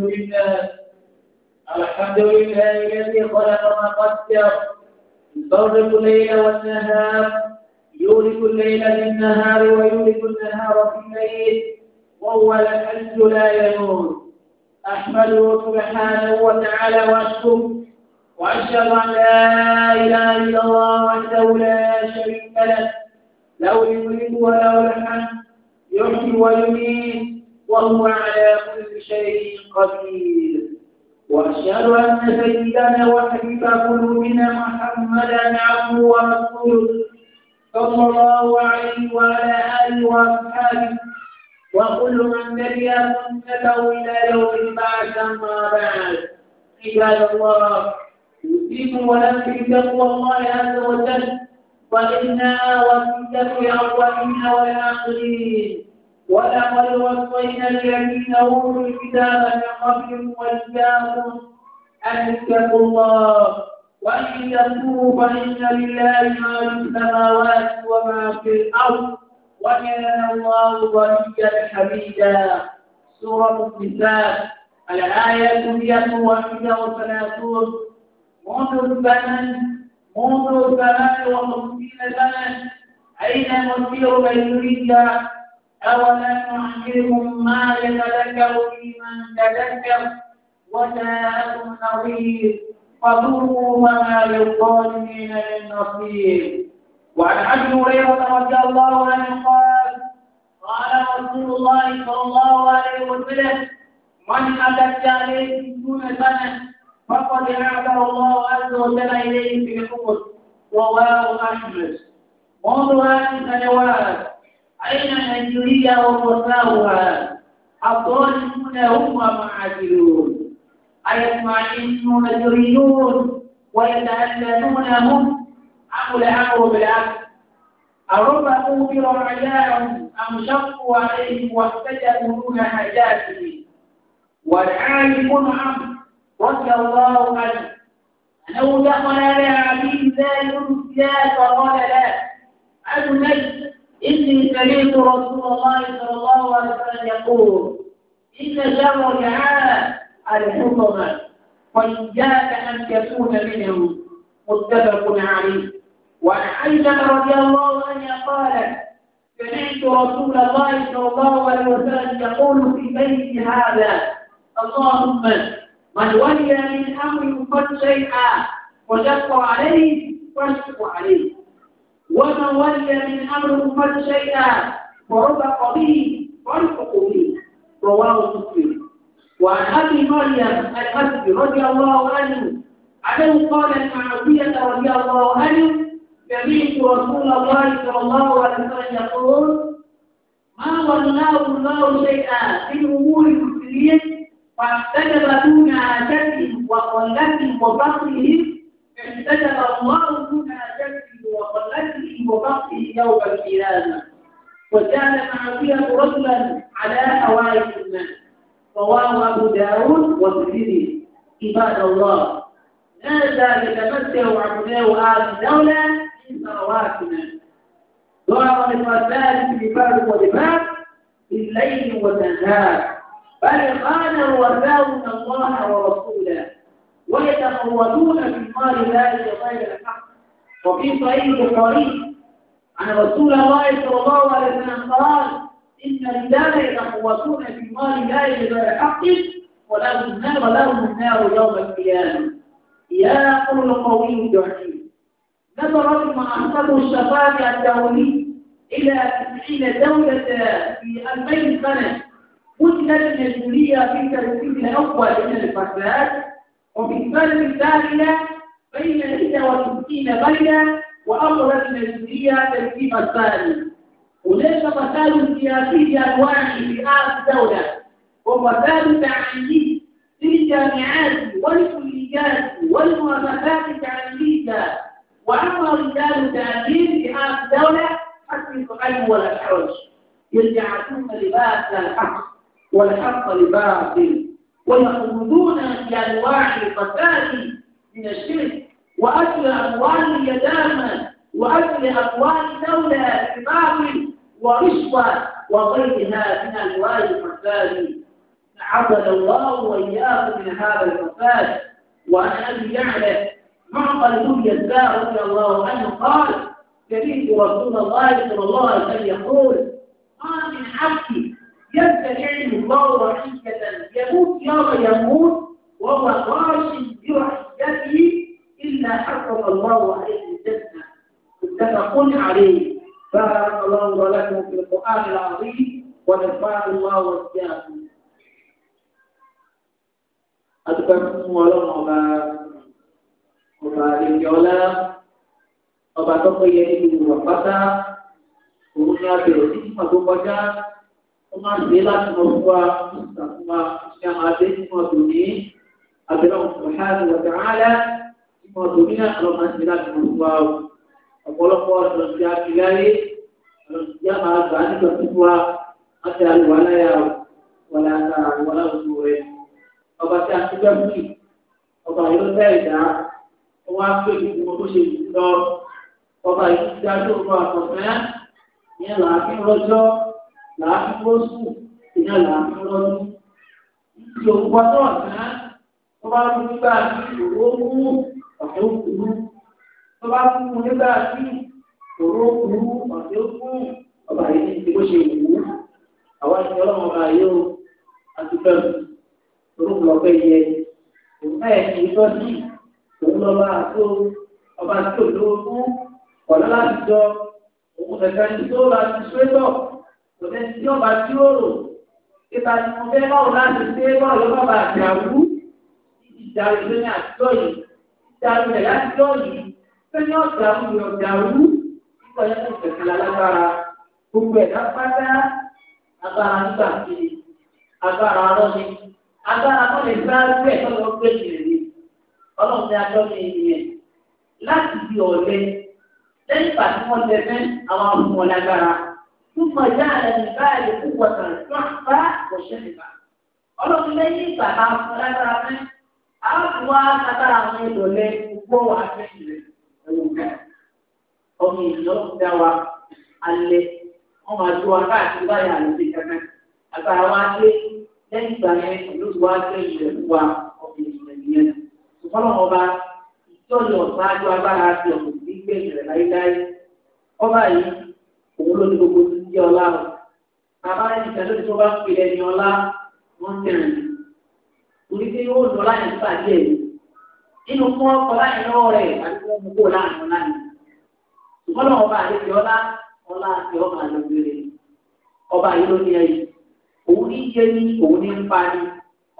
الحمد لله الحمد لله الذي خلق ما قدر يفرق الليل والنهار يولد الليل في النهار ويولد النهار في الليل وهو الحج لا يموت أحمده سبحانه وتعالى وأشكره وأشهد أن لا إله إلا الله وحده لا شريك له له الملك وله الحمد يحيي ويميت وهو على كل شيء قدير وأشهد أن سيدنا وحبيب قلوبنا محمدا عبده ورسوله صلى الله عليه وعلى آله وأصحابه وكل من تبع سنته إلى يوم البعث أما بعد عباد الله يوصيكم ونفسي بتقوى الله عز وجل وفي وصية أولنا والآخرين ولقد وصينا الذين اوتوا الكتاب من قبلهم واياكم ان اتقوا الله وان تكفروا فان لله ما في السماوات وما في الارض وكان الله غنيا حميدا سوره النساء الايه 131 منذ الزمن منذ ثمان وخمسين سنه اين مسير بين الله أولم نعلمهم ما يتذكر لمن تذكر وجاءهم نظير فذروا وما للظالمين من نصير وعن ابي هريره رضي الله عنه قال قال رسول الله صلى الله عليه وسلم من اتت عليه دون سنه فقد اعتر الله عز وجل اليه في الحكم رواه احمد منذ هذه أين النيجيريا ووفاؤها الظالمون هم معادلون أيطمئن يريدون ويتألمون هم أم الأمر بالعكس أربع أوبر رجاءهم أم شقوا عليهم واحتجبوا دون حاجاتهم والعالم نعم رضي الله عنه أنه دخل على عبيد ذلك السياسة وقال لا أبنيت إني سمعت رسول الله صلى الله عليه وسلم يقول إن شر على الحكمة وإياك أن تكون منهم متفق عليه وعن عائشة رضي الله عنها قالت سمعت رسول الله صلى الله عليه وسلم يقول في بيت هذا اللهم من ولي من أمر فقد شيئا وشق عليه فاشق عليه ومن ولي من امر امتي شيئا ورفق به فرفق به رواه مسلم وعن ابي مريم الاسد رضي الله عنه عنه قال المعصيه رضي الله عنه سمعت رسول الله صلى الله عليه وسلم يقول ما ولاه الله شيئا من امور المسلمين فاحتجب دون عادتهم وقلتهم وفقرهم احتجب الله دون عادتهم وقلتهم بنفسه وفقه يوم القيامة وكان معصية رجلا على حوائج الماء، رواه أبو داود والترمذي عباد الله هذا يتمتع أبناء آل الدولة من ثرواتنا ضرب الفساد في باب ولباب بالليل والنهار بل خانوا وساووا الله ورسوله ويتفوتون في مال ذلك غير الحق وفي صحيح البخاري عن رسول الله صلى الله عليه وسلم قال إن الرجال يتقوسون في مال لا بغير حق ولهم النار ولهم النار يوم القيامة يا قول القوي الضعيف نظرا ما اعطته الشفاعة الدولي إلى تسعين دولة في 2000 سنة وجدت المسؤولية في ترتيب الأول من الفساد وفي السنة الثانية بين 61 بلدة وأمرت الجنسية ترتيب الثاني وليس فساد سياسي بأنواعه في آخر الدولة وفساد تعليمي في الجامعات والكليات والمؤسسات التعليمية وأما رجال التعليم في آخر الدولة في العلم والحرج يجعلون لباس الحق والحق لباطل ويخوضون في أنواع الفساد من الشرك وأكل أموال اليتامى وأكل أموال دولة بباطل ورشوة وغيرها من أنواع الفساد عبد الله وإياه من هذا الفساد وعن أبي يعلى معقل بن يسار رضي الله عنه قال سمعت رسول الله صلى الله عليه وسلم يقول ما من عبد يبتلعه الله عزة يموت يوم يموت وهو غاش الله عليه الجنة متفق عليه بارك الله ولكم في القرآن العظيم ونفع الله وإياكم أتكلم ولم أبا أبا الجولة أبا تقي يدي وفتا ومن يبيع سيما بوجا ومن بلا نوفا مستقما يا عزيز مدني أبرم سبحانه وتعالى ọdún ní àlọ́mà ti láti mọ̀ wá o ọ̀pọ̀lọpọ̀ ọ̀dọ̀ ti a ti láyé ọ̀dọ̀ ti a máa gbà nígbà tó wá láti àlùwà láyà o wọlé ata àlùwàlá òkú rẹ ọba tí a ti gbẹ fún yìí ọba yóò fẹ́ ẹ̀dá wọn á pè fún wọn bó ṣe yìí lọ ọba yìí ti dá lóòrùn àkọ́fẹ́ ìyẹn làákí rọjọ́ làákí rọ́ṣù ìyẹn làákí rọ́ṣù ìṣòwò pátọ́ ọ̀sán ọba ló ń gbà ní ìṣòwò mú ọ̀sẹ̀ òkúrú tó bá fún un nígbà tí òró òkúrú ọ̀sẹ̀ òkúrú ọba yìí ní ti bó ṣe wù ú àwa ti ọlọ́run ọba yìí ó àti bẹ́ẹ̀ orúkọ ọ̀pẹ yẹ òun ẹ̀ kì í tọ́jú òun lọ́ba àtó ọba tó lówó fún ọ̀nà láti jọ òun kẹ̀kẹ́ ní tó bá ti sọ́tọ̀ òun ti ọba tí ó rò ìta ni mo fẹ́ báwo láti ṣe báwo lọ́ba àti àwú ìjà ìlú ní àtijọ́ yìí dàrú rẹ̀ láti lọ́ọ̀yì pé ní ọ̀dà òun ọ̀dàrú nípa yẹn tó tẹ̀sí lágbára gbogbo ẹ̀ lápáta agbára nígbà tí agbára ọlọ́ni agbára tó lè bá rẹ̀ lọ́wọ́ gbé ìrìn ọlọ́run adọ́ ní ìyẹn láti di ọ̀lẹ lẹ́yìn ìgbà tí wọ́n tẹ fẹ́ àwọn àfihàn lágbára túmọ̀ ìjà rẹ̀ ní báyìí kú wọ̀tàn tó àpá ọ̀ṣẹ́ nìkan ọlọ́run lẹ́yìn ìgbà bá fún lágbára fẹ́ a wá kátàrà àwọn ìdọ̀lẹ́ gbọ́ wà fẹ́ẹ̀sì rẹ̀ ẹ̀wọ̀n gbà. ọmọ ìlú dá wa alẹ́ wọ́n máa tó wa káàkiri báyà lóde kankan àgbàrá wa dé lẹ́yìn ìgbà yẹn ló ti wá dé ìrẹ̀ fún wa ọmọ ìlú rẹ̀ nìyẹn. ṣùgbọ́n ọmọ ọba ìjọ́jọ ṣáájú agbára àti ọ̀pọ̀ ìgbé ìrẹ̀ láíláí ọba yìí òun ló ní gbogbo ti ń jẹ́ ọlá rẹ̀ bàbá ẹnìkan torí pé yóò lọ láyé nígbà díẹ̀ nínú fún ọkọ láyé lọ́wọ́ rẹ̀ àti wọn mú kó láàrin láyé ṣùgbọ́n náà ọba àlejò ọlá ọlá àti ọba àlejòrè ọba yìí ló ní ẹyìn òun ní jẹ́ ní òun ní ń parí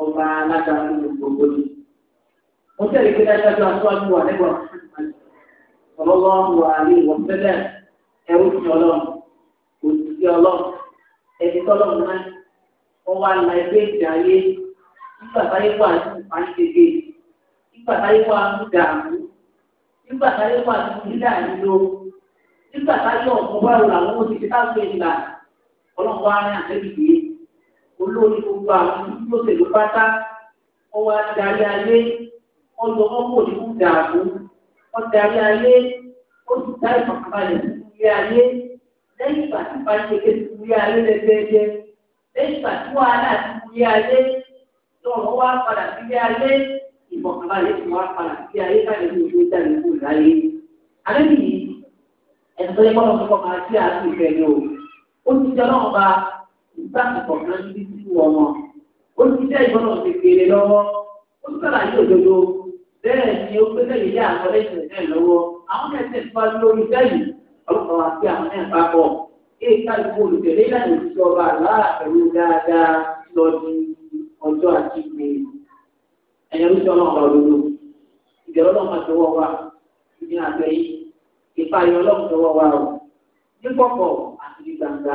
ọba alágbára gbogbo mo pé wà ọlọ́wọ́ wà ní ìwọ̀n tẹ́lẹ̀ ẹrú nígbà táyé wà nínú ìpàdé nígbà táyé wà nínú dààmú nígbà táyé wà nínú nílà nílò nígbà táyé ọ̀gbọ́n bá rò làwọn ó ti fi káwé ìlà ọlọ́run wá ní àtẹ́bìdì olórí gbogbo àwọn tó tẹ̀lé pátá wọ́n wá darí ayé wọ́n lọ wọ́n wò ní kú dààmú wọ́n darí ayé ó sì dá ìfọ̀kànbalẹ̀ sí ilé ayé lẹ́yìn ìgbà tí ìpàdé kékeré sí ilé ayé lẹ́gbẹ́ẹ́jẹ́ lọ́run wá padà sílé ayé ìfọ̀kànbalẹ̀ tí wọ́n á padà sílé ayé káyọ̀ ní ojú ìjà ìlú ìláyé. Alẹ́ nìyí ẹ̀sìn tó yẹ kọ́ lọ́sọ̀kọ́ máa ṣí àti ìfẹ́ ni o. Ó ti jẹ́ ọlọ́run ba ìgbà ìfọ̀kàn níbi tí wọ́n mọ̀. Ó ti jẹ́ ìgbọ́nà kékeré lọ́wọ́. Ó ti sọ̀rọ̀ ayé òdodo. Bẹ́ẹ̀ ni ó pé sẹ́yìn ilé àwọn ẹlẹ́sìn náà lọ́wọ́. Àwọn ẹ̀sìn tó bá lórí sẹ́yìn ọlọ́pàá wa sí àwọn náà papọ̀. Èyí ká ìfowópamọ́ olùtẹ̀lé ìlànà ọjọ́ àti ìgbèrè ẹ̀yẹ ló sọ ọlọ́run lọ́dọọdọ ìbẹ̀rẹ̀ ọlọ́run máa tọwọ́ wa ìdí àgbẹ̀ yìí ìpayọ̀ ọlọ́run tọwọ́ wa o ní pọ̀pọ̀ àti ní gbangba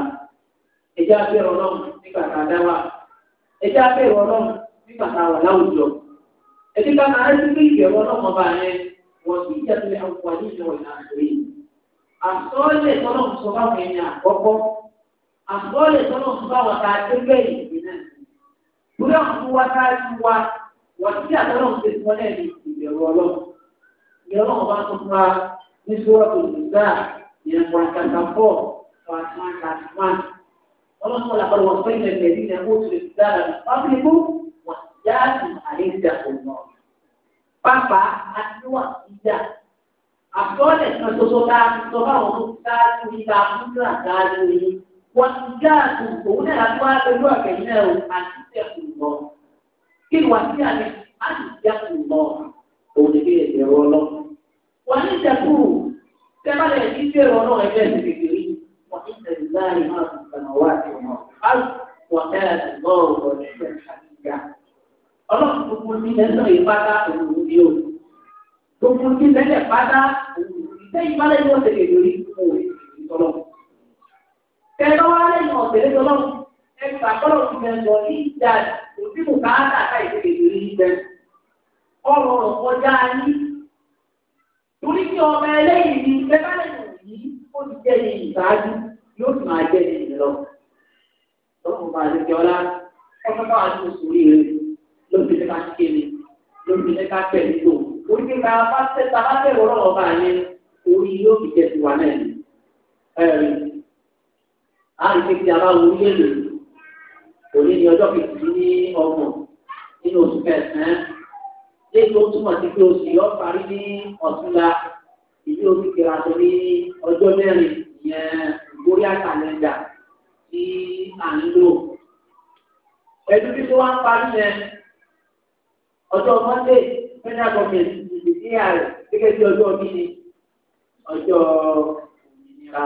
ẹ̀jẹ̀ abẹ́rẹ̀ ọlọ́run nígbà tá a dá wa ẹ̀jẹ̀ abẹ́rẹ̀ ọlọ́run nígbà tá a wà láwùjọ ẹ̀jẹ̀ ká máa rántí pé ìbẹ̀rẹ̀ ọlọ́run ọba yẹn wọ́n ti jẹ́ pé àwọn àníṣe ọ̀nà àgbẹ̀ yìí àsọ́ọ́lẹ̀ tọ́lọ́run sọ báwọn ẹni àkọ́kọ́ àsọ́ọ́lẹ̀ tọ́lọ́run sọ báwọn ta lórí àwọn tó wá káàkiri wa wà sí àtọ́nà ń tẹ̀sí wọn lẹ́yìn ìbẹ̀rù ọlọ́run ìyẹn ọlọ́run bá tún wá ní sọ́wọ́ tó lè gbà ìyẹn wọn kàkà fọ́ wọn àti wọn kàkà wọn. ọlọ́run wọn làbọ̀ wọn fẹ́ẹ́ lẹ́yìn ẹ̀rí ìyẹn kó tó lè gbà pápákó wọn já sí àlẹ́ ìjà òun náà. pápá àtiwà ìjà àtọ́lẹ̀ wọ́n ti já àtúntò òun náà láti wá pẹ̀lú àgbẹ̀yìn náà o àti ìṣẹ́kù lọ. kí ni wà sí àmì àti ìṣẹ́kù lọ òun ni kí lè bẹ̀rù ọlọ́. wà ní ìṣẹ́kù tẹ́lẹ̀ ní bẹ̀rù ọlọ́ ẹgbẹ́ ti kékeré wà ní ìṣẹ̀lẹ̀ láàrin máa tún kànáà wá àti ọmọ wọ́n tẹ́lẹ̀ ti gbọ́ ọ̀rọ̀ ìṣẹ̀lẹ̀ ọlọ́run gbogbo ní lẹ́sọ̀ ìpátá òun ni o gbogbo ní lẹ́sẹ̀ pátá òun ni wọ̀ ní ìjà òbí mú ká àtàkà ìdílé ìdílé ìgbẹ́. ọrọ̀ ọjà ní torí kí ọmọ ẹlẹ́yìn ní bẹ́ẹ̀ bá lè wù yìí ó ti jẹ́ ní ìbáájú yóò sì máa jẹ́ ní ìlọ. lọ́kùnrin bá àti ìjọba ọ̀sán bá àti òṣèré rẹ̀ lóbìnrin ká kéde lóbìnrin ká pẹ̀lú tó orí kíkà bá tẹ̀ tá a bá bẹ̀rù ọlọ́wọ́ bá yẹn orí yóò fi jẹ́ ti àbá wo ilé òní ní ọjọ́ kejì ní ọgbọ̀n nínú oṣù kẹsàn-án léyìí tó túmọ̀ sí pé oṣù yọ parí ní ọ̀túnla ìlú oṣù kẹrànṣọ ní ọjọ́ mẹ́rin ìyẹn ìgbórí àkàlẹ́ndà tí à ń lò. ẹ̀dùn bí tó wá ń parí yẹn ọjọ́ mọ́ndé federal government ìdílé ààrẹ gẹ́gẹ́ bí ọjọ́ kíni ọjọ́ òmìnira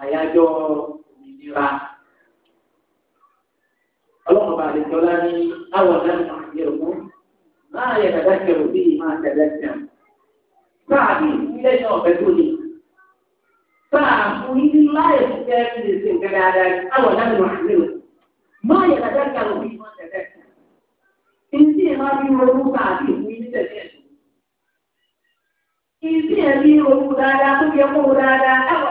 àyájọ́ òmìnira ọlọ́run bá lè tọ́lá ní àwọn ọ̀dàlẹ̀ máa yẹ òun máa yẹ dàda kẹrù bí máa dàda kẹrù. Sáàbì ilé náà ọ̀bẹ tó lè. Sáàbù ní láyé fúnkẹ́ fi lè ṣe nǹkan dáadáa àwọn ọ̀dàlẹ̀ máa yẹ òun. Máa yẹ dàda kẹrù bí máa dàda kẹrù. Ìdí ẹ̀ máa fi ronú sáàbì ìwé ní tẹ̀lé ẹ̀. Ìdí ẹ̀ fi ronú dáadáa kó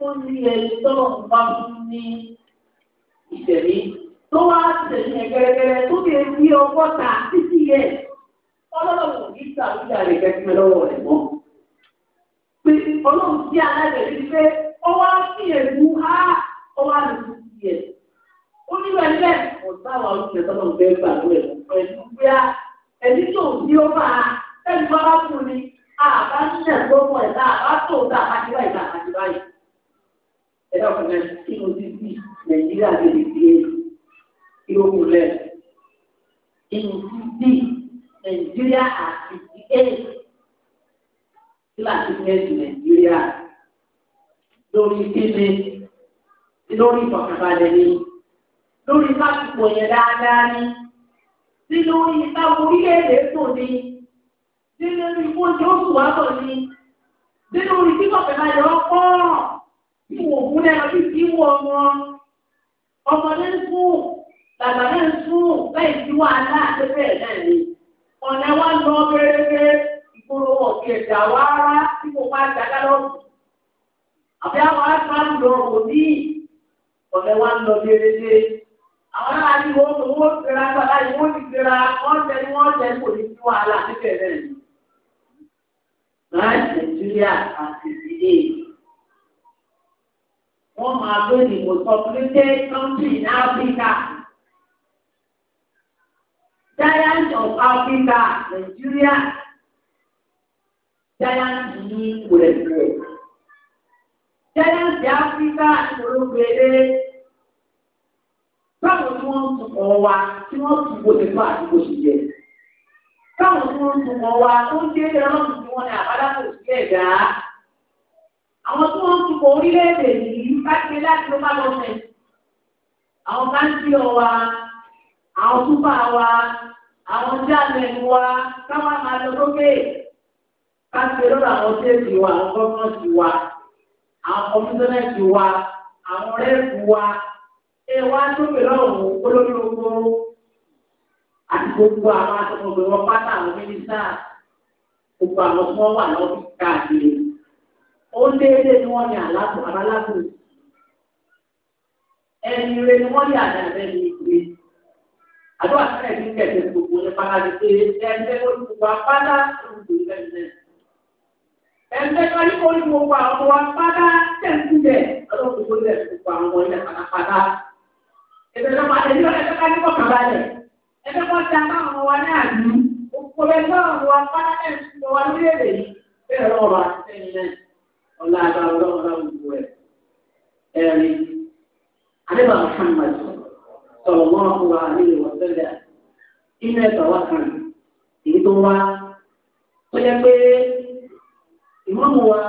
ó ní ẹni tọ́lọ̀ ń bá fún ní ìtẹ̀mí tó wá tẹ̀sí ẹ̀gẹ́rẹ́gẹ́rẹ́ tó kéré bí ọgọ́ta títí yẹ ọlọ́run kò ní sàrúdà rẹ̀ kẹ́kẹ́ lọ́wọ́ rẹ̀ mọ́. pé ọlọ́run sí aláìlẹ̀ rí pé ọwọ́ sí ẹ̀mú á ọwọ́ àlè tó ti yẹ. ó ní bẹ́ẹ̀ ọ̀sán àwọn olùkẹ́ tọ́lọ̀ ń bẹ́ẹ̀ gbàgbé ẹ̀ pẹ̀lú pé ẹni tó ń bí ó máa ẹni bá bá fún ni àbá ń tẹ̀ lọ́wọ́ ẹ̀ ẹ̀dá ọ̀kùnrin kí ló ti bí nàìjíríà lè lè di èyí kí ló kù lẹ̀. èyí ti bí nàìjíríà àti di èyí kí láti fẹ́ di nàìjíríà lórí kéde lórí ìfọ̀kànbalẹ̀ ni lórí fásitì yẹn dáadáa ni sí lórí ìtàwọn orílẹ̀-èdè tó ni sí lórí ìfọ̀jọ́sùn wàtò ni sí lórí kíkọ̀kẹ́ máa yọ ọ́ pọ́ọ̀rọ̀ tí wọ́n kú náà bí kí wọ́n ọmọ ọmọ náà ń sùn bàbá náà ń sùn bẹ́ẹ̀ tí wọ́n aláàtẹ́fẹ́ náà ni ọ̀nà wa lọ bẹ́ẹ̀rẹ́ ìgboro ọ̀kẹ́dà wa rá tí mo bá dàgbà lọ́wọ́ àbí àwọn aṣáájú lọ kò ní ọ̀nà wa lọ bẹ́ẹ̀rẹ́ àwọn aláàbí wọn kò wọ́n tẹ̀ra gbàgbà yìí wọ́n ti tẹ̀ra wọ́n tẹ̀ ní wọ́n tẹ̀ kò ní sí wàhálà níbẹ̀ náà ni. wọ́n máa gbé ní most populated country in Giant of Africa, Nigeria. Giant ní wẹ̀rẹ̀wẹ̀. Giant of Africa ìṣòro gbèrè. Báwo ni wọ́n ń tukọ̀ wa tí wọ́n tún fún àdúgbò Báwo ni wọ́n wa tó ń bá ṣe láti local government àwọn káńtìọ̀ wa àwọn túbà wa àwọn jáàmẹ̀lì wa káwá máa lọ lókè ká ṣe lọ́dọ̀ àwọn téèkì wa àwọn gọ́ọ̀mọ̀tì wa àwọn kọmíṣánnáàtì wa àwọn rẹ́ẹ̀kù wa ẹ wá tó bẹ̀rẹ̀ ọ̀hún olórí ogbó àti gbogbo àwọn àtọkùnrin wọn pátá àwọn mínísítà gbogbo àwọn tí wọ́n wà lọ́wọ́ káàkiri ó déédéé ni wọ́n ní àlàkù àbálàkù ẹni rẹ ni wọ́n yà ní abẹ́ ní ìwé. Àdúrà sílẹ̀ ní kẹ̀kẹ́ gbogbo ní pàtàkì pé ẹgbẹ́ olùkọ́ apádá olùkọ́ ìfẹ́sẹ̀. Ẹgbẹ́ kárí olùkọ́ àwọn ọmọ apádá tẹ̀sí bẹ̀ ọlọ́kùnkùn lẹ̀ gbogbo àwọn ọmọ ilẹ̀ pátápátá. Ẹgbẹ́ náà máa tẹ̀lé ọ̀rẹ́ kárí kọ̀ọ̀kan balẹ̀. Ẹgbẹ́ kan ti apá àwọn wa ní àlú. Òkú ẹgbẹ́ àwọn wa apádá tẹ̀sí wa lórílẹ̀-èdè yìí. Bẹ́ẹ̀ lọ́wọ́ àti sẹ́yìn náà. Ọlá àdébà Muhammad sọ̀rọ̀ mọ́ ọ̀hún àlejò wọ̀sẹ̀lẹ̀ inú ẹ̀sọ̀ wá kan èyí tó wá ó yẹ pé ìmọ̀mù wa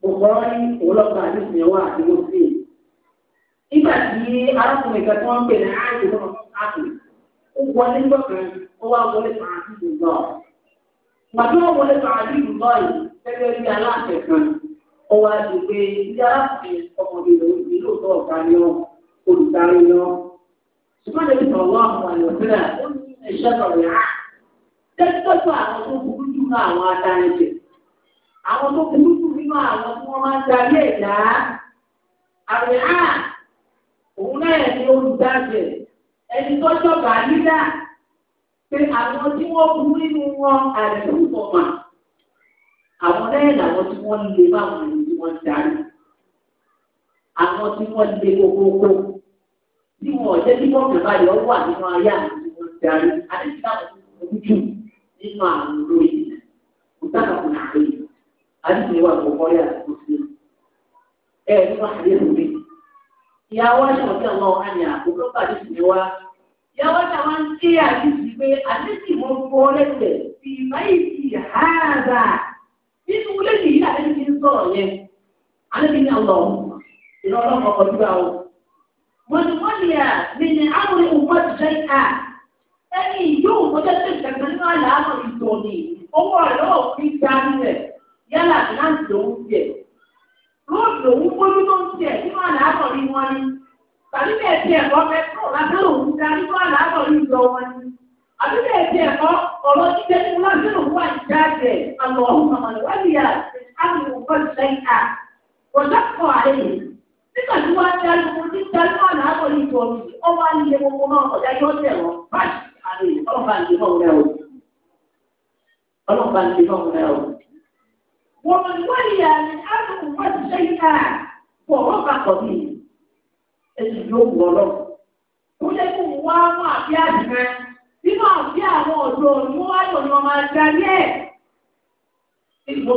gbogbo ọ̀rí òwúlọ́gba àdéhùn ẹ̀wà àdéhùn sí i. nígbà tí arákùnrin kan tí wọ́n ń pè ní àìsàn náà àpè ó wọlé gbọ̀kan ó wá wọlé fàájì lùgbọ́. màtí wọ́n wọlé fàájì lùgbọ́ yìí gẹ́gẹ́ bí aláàfẹ́ kan ó wá di pé yíyá ọmọdé lòdì lóòótọ́ ọ̀gá ni wọn olùdarí ni wọn. ṣùgbọ́n lèmi sọ̀rọ̀ wá àwọn àyọ̀ sílẹ̀ ó ní ẹ̀ṣẹ́ sọ̀rọ̀ yá. tẹ́tọ́tọ́ àwọn tó burú jù náà àwọn adarí jẹ. àwọn tó burú jù nínú àwọn tí wọ́n máa ń darí ẹ̀dá. àwẹ̀ á òun náà ni olùdarí ẹni tó jọba nígbà pé àwọn tí wọ́n burú nínú wọn àdéhùn àwọn náà làwọn tí wọ́n lè máa wọ̀nyí wọ́n darí àwọn tí wọ́n lé kókókó bí wọn ọ̀jẹ́ tí wọ́n kàn báyọ̀ wà nínú ayé àwọn tí darí àdéhùn táwọn tí wọ́n kú jù nínú àwọn olóyè kò sábà kò náà lè àdéhùn ìwà àkọ́kọ́ yà kó sí ẹ ẹ nípa àdéhùn mi. ìyàwó aṣọ tí àwọn àmì àkókò pàdé sí ni wá ìyàwó tí àwọn ń ké àdéhùn pé àdéhùn ìwọ̀n kọ́ lẹ́sẹ̀ fi máyì sí àádá nínú lẹ́yìn yìí àdéhùn ti ń sọ̀rọ̀ yẹn alẹ́bí ní àwọn ọ̀hún ìlú ọlọ́kọ̀ ọ̀dúrà o. mọ̀nìmọ́nìyà mi ni àwọn ìwọ̀n ti ṣe à ẹni yóò kọjá sí ìṣẹ̀gbẹ́ nínú àlà àwọn ìtò ni owó ọ̀rẹ́ òfin gba nílẹ̀ yálà láti lòún tiẹ̀. lóòdì òun gbójú tó ń tiẹ̀ nínú àlà àwọn ìwọ̀n wọn ni. tàbí bẹ́ẹ̀ tiẹ̀ kọ́ mẹ́tò lábẹ́ òun ga nínú àlà àwọn ìjọ wọn ni. àbí bẹ́ẹ̀ tiẹ̀ kọ́ ọ̀rọ̀ jíjẹ́ nínú lábẹ́ òun wà jáde àlọ́ ọ̀hún ọ̀dọ́kọ̀ àlejò nígbà tí wọ́n á dájú wọn ní dájú wọn ní ìtọ́ mi ọwọ́ á nílé gbogbo náà ọ̀dà yóò tẹ̀ wọ́n báyìí àlejò ọlọ́ba ń lè fọ́n o ọlọ́ba ń lè fọ́n o. wọ́n mọ̀ níwọ̀n ìyá mi á wọ́n ti ṣe yíká pọ̀ wọ́n bá kọ̀ èyí yóò wù ọ lọ. kó lè kó wá wọn àbí àdìmẹ́ nínú àbí àwọn ọ̀dọ́ ni wọ́n wáyọ̀ ni wọ́n máa darí ẹ̀ ìgbò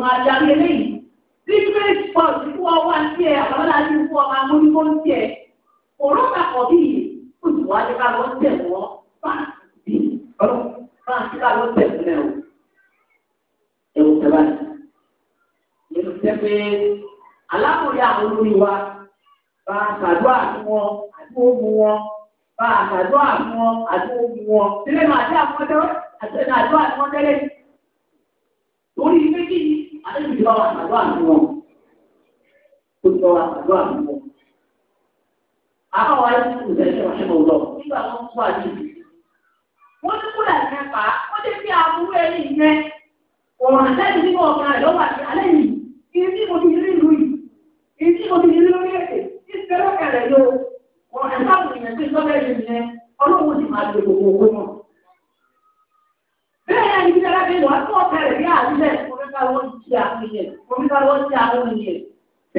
fún ọwọ́ àti ẹ̀ àbámọ́lá ti fún ọmọ amúnibó ń tiẹ̀ òró papọ̀ bíi olùwà ti bá lọ tẹ̀ wọ́n báàkì báàkì bá lọ tẹ̀ fún ẹ o. ẹ̀wù tẹ̀lá ni mo tẹ́ pé alámòye àwọn olórí wa bá a ṣàdúrà fún wọn àti ogun wọn bá a ṣàdúrà fún wọn àti ogun wọn sílẹ̀ náà àti àfọ́jọ́ àti àdúrà fún wọn tẹ́lẹ̀ torí méjì àti ìjọba àdúrà fún wọn tó tọ́ àdó àdúgbò. Àwọn àti ìrẹsì wà nínú lọ nígbà tó ń kó Wọ́n ní kúrò àti ẹ̀fà, wọ́n ti fi àbúrò ẹni yẹn. Ọ̀rọ̀ àtẹ́yìn nínú ọ̀gá rẹ̀ lọ́wọ́ àti alẹ́ yìí. Ìyẹn tí mo ti rí ìlú yìí. Ìyẹn tí mo ti rí lórí èdè. Ìfẹ́ lọ́kẹ̀rẹ̀ yóò. Ọ̀rọ̀ ẹ̀fà kò yẹn tí sọ́kẹ́ yìí yẹn. Ọlọ́run ti máa lo gbogbo owó náà. Bẹ́ẹ̀ ni ìdílé alábẹ́lẹ̀ wá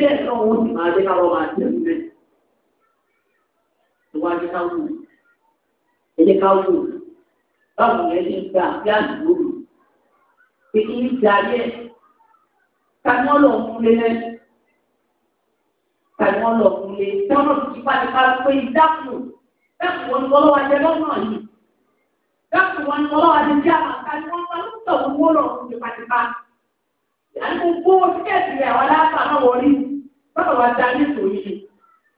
bẹ́ẹ̀ náà wọ́n sì máa dé káwọn máa jẹ nílẹ̀. Ìwà ni ká wù. Ẹ̀jẹ̀ ká wù. Báwo ni ẹni gbà sí àdúgbò rẹ̀? Èyí ń da yẹ. Tani wọ́n lọ fún lé lẹ́nu? Tani wọ́n lọ fún lé? Tí wọ́n lọ sí tipátipá pé ìdákùn. Dákùn wọn ni wọ́n lọ́wọ́ ajẹ́ lọ́nà yìí. Dákùn wọn ni wọ́n lọ́wọ́ ajẹ́ bí àmàkà ni wọ́n máa ń sọ̀rọ̀ wọ́n lọ fún tipátipá àti gbogbo tíkẹ́ẹ̀tì rẹ̀ àwọn aláàbà náà wọlé bábà wá da ní ìsòrí ni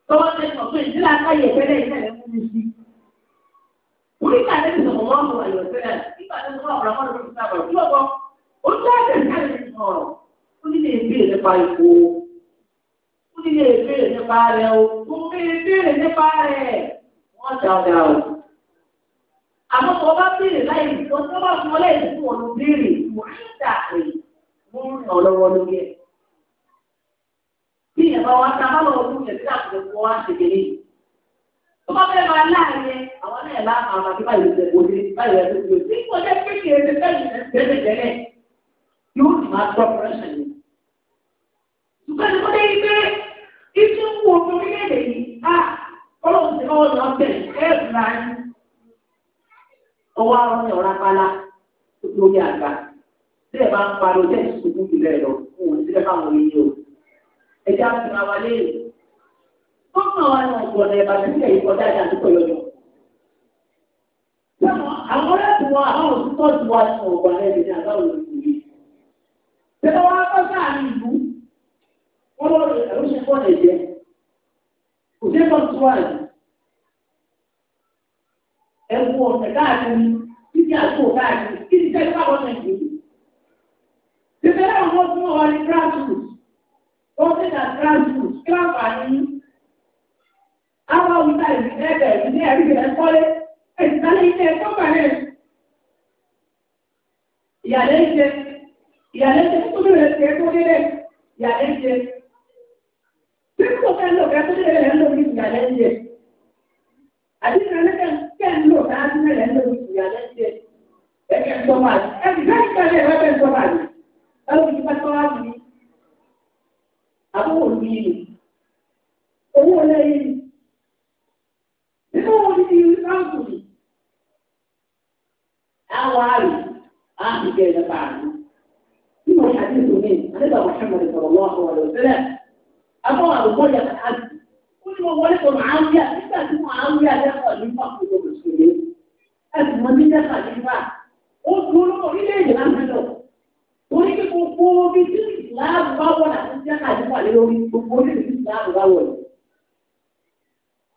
tọ́wọ́ ṣe sọ pé ìdílé akáyè ìfẹ́lẹ́ ìfẹ́lẹ́ fún mi sí. orí kàdé ti sọ̀rọ̀ wọn mú àyọ̀ sẹ́lẹ̀ nígbà tó ń bọ̀ ọ̀rọ̀ wọn lórí sábà tí wọ́n bọ̀ ó ẹ̀sẹ̀ sáré ní ó ní lè béèrè nípa ipò ó ní lè béèrè nípa rẹ̀ o ó ń béèrè béèrè nípa rẹ̀ wọ́n dá wọ́n ń ràn lọ́wọ́ lórí ẹ̀. Bí ìyẹn bá wá ta bá lọ́wọ́ lórí ẹ̀ sí àtẹ̀kọ́ wá ṣègbè ní. Tó bá fẹ́ máa láàyè àwọn náà láàmú àwọn àti báyìí ṣe kò dé báyìí ẹ̀ tó ti ṣe. Bí wọ́n jẹ́ pé kí ẹsẹ̀ bẹ́ẹ̀ ní ẹsẹ̀ tẹ́lẹ̀ yóò sì máa tọ́ pẹ́rẹ́ṣẹ̀ ni. Ṣùgbọ́n ni wọ́n dé yí pé iṣu ń wo orílẹ̀-èdè yìí á ah, ọlọ́run ti lọ́wọ́ lọ bẹ̀ ẹ̀ẹ́dùn láyé. Ọwọ́ àwọn ọ̀rá pálá lórí àgbà tí ẹ bá ń pariwo tẹ́ ìṣubú ìlẹ̀ lọ fún òun sílẹ̀ fáwọn iye o. ẹ jẹ́ àfihàn àwa léèrè. Fọ́nà wa ni ọ̀gbọ̀n náà ìbàdàn sílẹ̀ yìí kọjá ìjà àdúgbò yọjọ. Àwọn ọlọ́dún wa àwọn òṣìṣẹ́ ọ̀dùn wa ni ọ̀gbọ̀n náà ìbàdàn àbáwọ̀ òṣìṣẹ́ yìí. Tẹ́lẹ̀ wá bá sáàrin ìlú. Wọ́n lọ́ọ́ ẹ̀rọ ṣe fọ́nà ẹ̀jẹ̀. Kò sí ẹ̀kọ́ tó wà yìí. Ẹ̀wọ̀n ọ̀sẹ̀ káàkiri, títí àgbo káàkiri, kí ni tẹ́lẹ̀ bá wọ́n náà yìí? Ìfẹ́ àwọn tó wọ́n ní grassroots, ó ti dà grassroots, kí wọ́n fà ní. Àwọn òǹtà ìdílé ẹ̀bẹ̀ ní ẹ̀rí rẹ̀ kọ́lé, ìdílé ilé ẹ̀kọ́ pẹ̀lẹ́. Ìyàlẹ́ ìṣe, ìyàlẹ́ ìṣe tó lè ṣe tó délé, ìyàlẹ́ ìṣe. Bí kò fẹ́ lò kẹ́ tó délé rẹ̀ ń lò ní ìyàlẹ́ ìṣe. Àdìsí rẹ̀ kẹ́ ń lò kẹ́ àdìsí rẹ̀ ẹlòmíì ti pẹ́tọ́ wá yìí àbúrò mi yìí owó lẹ́yìn nínú wọn ní ìlú káàkù mi àwọn àrè àti gẹ̀ ẹ̀ nípa àrè nínú ìhàdí ìsòmí àdébà Muhammad sallallahu alaihi wasallam àbọ̀ àrùkọ́ yà kà á sì ó ní wọn wọlé pẹ̀lú àwíyá nígbà tí wọn àwíyá dẹ́kọ̀ nípa kúrò mùsùlùmí ẹ̀sùn mọ́ ní dẹ́kọ̀ nípa ó dúró lórí ilé ìdìbò àmì lọ. orí kí gbogbo omi tí ìsìláàmù bá wọ̀ láti jẹ́ àdúgbò àlẹ́ orí gbogbo orí tí ìsìláàmù bá wọ̀ lọ.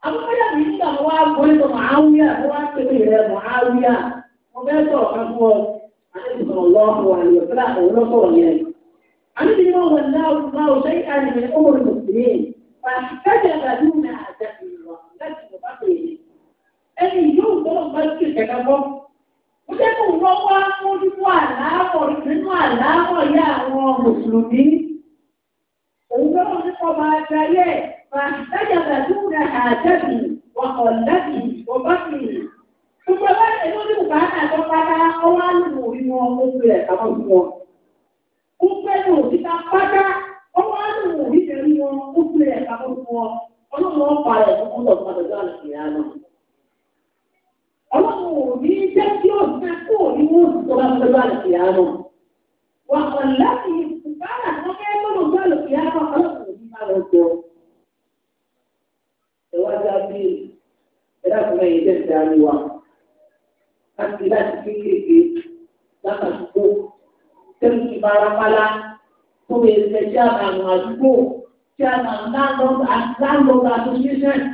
Akọ́kọ́yà mi nígbà wọ́n ya gbọ́ nípa Màáwíà ya bụ pè é rẹ̀ Màáwíà. Mo fẹ́ sọ̀rọ̀ kan fún ọ. Àlejò lọ́wọ́ àlejò sílá òun náà wọ́n wá mójútó àlámọ̀ nínú àlámọ̀ yá àwọn mùsùlùmí. Òun ló ń kọ́ máa jayé, máa dájà gbàdúrà àjẹ́bì, wàkọ̀ lẹ́bì, ọ̀bọ̀sì. Gbogbo ẹgbẹ́ ìlú ní bùkátà tó pátá, ó wá lù orí wọn, ó fi ẹ̀ sábà fún wọn. Ó fẹ́ lù orí ta pátá, ó wá lù orí tẹ̀lé wọn, ó fi ẹ̀ sábà fún wọn. ọ̀pá rẹ̀ ló kọ́ lọ́ọ̀pá lọ́jọ́ àlùfẹ́ ọlọ́run ò ní jẹ́ kí ọ̀sẹ̀ kò ní wọ́n ti tọ́ba tó bá lè fìyà mọ́. wà á láti ìfúkàrà tó kẹ́ gbọ́dọ̀ bá lè fìyà mọ́ ọlọ́run ò ní má lọ jọ. ìwádìí àbí ẹ̀dá fún ẹ̀yìn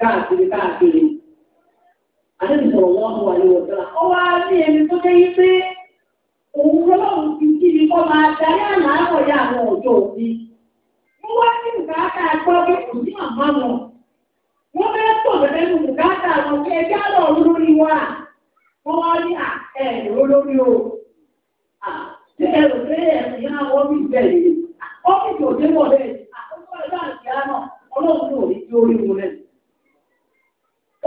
káàkiri káàkiri. Àdébí sọ̀rọ̀ wọn wà ní ọ̀sán. Ó wá ẹni tó jẹ́ yí pé òun ti kí mi kọ́ máa darí àwọn òbí. Wọ́n wá sí bùkátà gbọ́ pé kò sí màmá Wọ́n fẹ́ pọ̀ bẹ̀rẹ̀ bùkátà kí lórí wa. o. Ṣé ẹ̀rọ pé ẹ̀sìn náà wọ́n bí bẹ̀rẹ̀? Ọ́fíìsì òde wọ̀ bẹ́ẹ̀. Àkókò ẹ̀rọ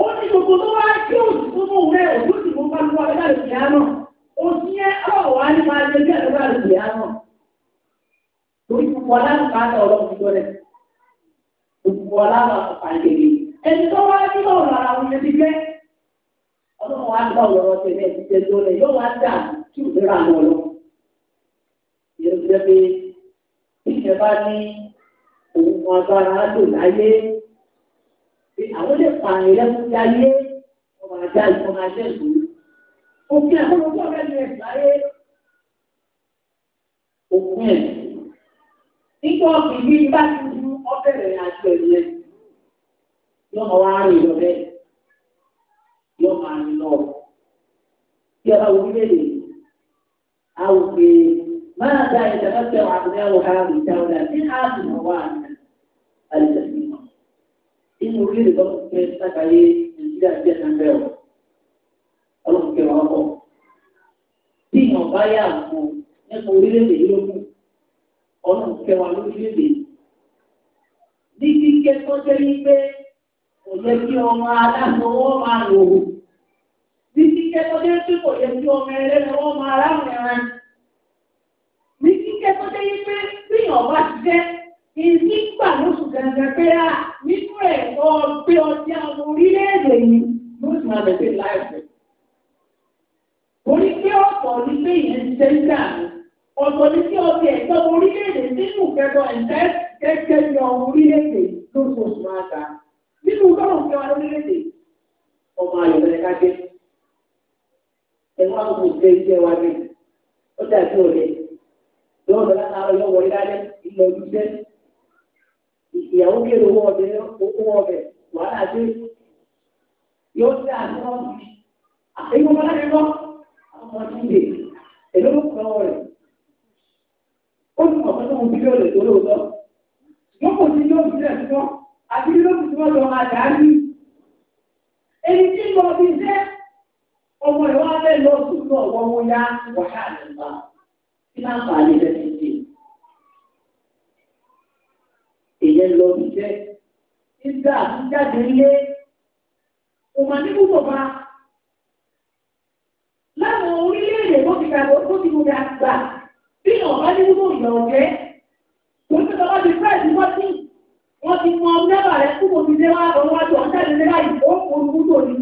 ó ní gbogbo tó wá kí òsì tó mú rẹ̀ òsì tí mo bá lọ́wọ́ ẹgbẹ́ àlùfẹ́ àná òsì yẹn ọ̀rọ̀ wá ní máa jẹ bí ẹgbẹ́ àlùfẹ́ àná lórí gbogbo aláàbò bá tẹ ọlọ́run tó rẹ̀ gbogbo aláàbò àpàlẹ́ ẹni tó wá kí ọ̀rọ̀ ara wọn yẹn ti gbẹ́ ọlọ́run wá gbà ọ̀rọ̀ tẹ̀lé ẹ̀ ti tẹ̀ tó rẹ̀ yóò wá dà kí òṣèré àná lọ ìyẹn ti jẹ́ pé àwọn lè pa àyẹ̀lẹ́ fún yáyé ọmọ ajá ìfọmọ ajá ìlú. Òfin àkọ́kọ́ rẹ̀ ní ẹ̀sìn ayé. Òfin ẹ̀. Nígbà ọ̀sìn yìí bá ti ju ọ̀bẹ̀rẹ̀ àjọ ìyẹn. Yọ̀mọ̀ wá rìn lọ bẹ́ẹ̀. Yọ̀mọ̀ àrìn lọ. Bí ọba wo nílé lè, a ò pè é. Máa da ìdàgbàsẹ̀ àbúrẹ́ ọ̀hán ìjà ọ̀dà sí ààbò wà. Àlùfẹ́ inú orílẹ̀-èdè tó ń pẹ́ sàkàyé nàìjíríà jẹ́ nàìjíríà ọ̀ ọlọ́run kẹwàá ọkọ̀ tí ìyàn bá yà mọ̀ nípa orílẹ̀-èdè yìí ló kù ọlọ́run kẹwàá lórílẹ̀-èdè ní kíkẹ́ tó jẹ́ wípé kò yẹ kí ọmọ aláṣọwọ́ máa lò ó ní kíkẹ́ tó jẹ́ pé kò yẹ kí ọmọ ẹlẹ́wọ́ máa rámìíràn ní kíkẹ́ tó jẹ́ wípé bí ìyàn bá ti jẹ́ ìdí gbà lóṣù gangan pé a nínú ẹ̀ ọ̀pẹ ọjà orílẹ̀-èdè yìí ló sì máa bẹ̀rẹ̀ láìpẹ́. orí pé ọ̀pọ̀ ní pé ìyẹn ti tẹ́ńtà mi ọ̀pọ̀ ní kí ọjà ẹ̀tọ́ orílẹ̀-èdè nínú kẹtọ ẹ̀ńtẹ́ gẹ́gẹ́ bí ọmọ orílẹ̀-èdè lóṣooṣù máa ta nínú tọ́lọ̀ fẹ́ wa lórílẹ̀-èdè ọmọ ayọ̀lẹ̀ ká jẹ́ ẹ̀rọ àwọn òṣèré iṣẹ́ wa ní ọjà tí ò lẹ̀ lọ́wọ́ lọ́la náà yọ ìyàwó kéré owó ọbẹ̀ owó ọbẹ̀ wàhálà dé yóò dé àná èyí wọn láti lọ àwọn ọmọ ti lè ló kọ́ rẹ̀ ó ní ọ̀pọ̀ tó ń bí yóò lè tó lóòótọ́ wọn kò sí yóò bílẹ̀ tó àti yóò fi tó lọ àdáyé èyí tí lọ bí jẹ́ ọmọ ìwà lọ sùn lọ ọmọ wọn yá wàhálà nípa kí náà fà á lè lẹ́sìn sí i èyẹ lọ síbẹ̀ nígbà jáde ilé òmà ní púpọ̀ bá láwọn orílẹ̀-èdè tó ti ga tó ti mú ga gbà bí ọ̀bá ní púpọ̀ ìyà ọ̀jẹ́ torí pé bàbá ti fẹ́ẹ̀ tí wọ́n ti wọ́n ti mọ nẹ́bà rẹ̀ púpọ̀ ti dé wá lọ wájú ọ̀jáde lé láyé ó kórú púpọ̀ ni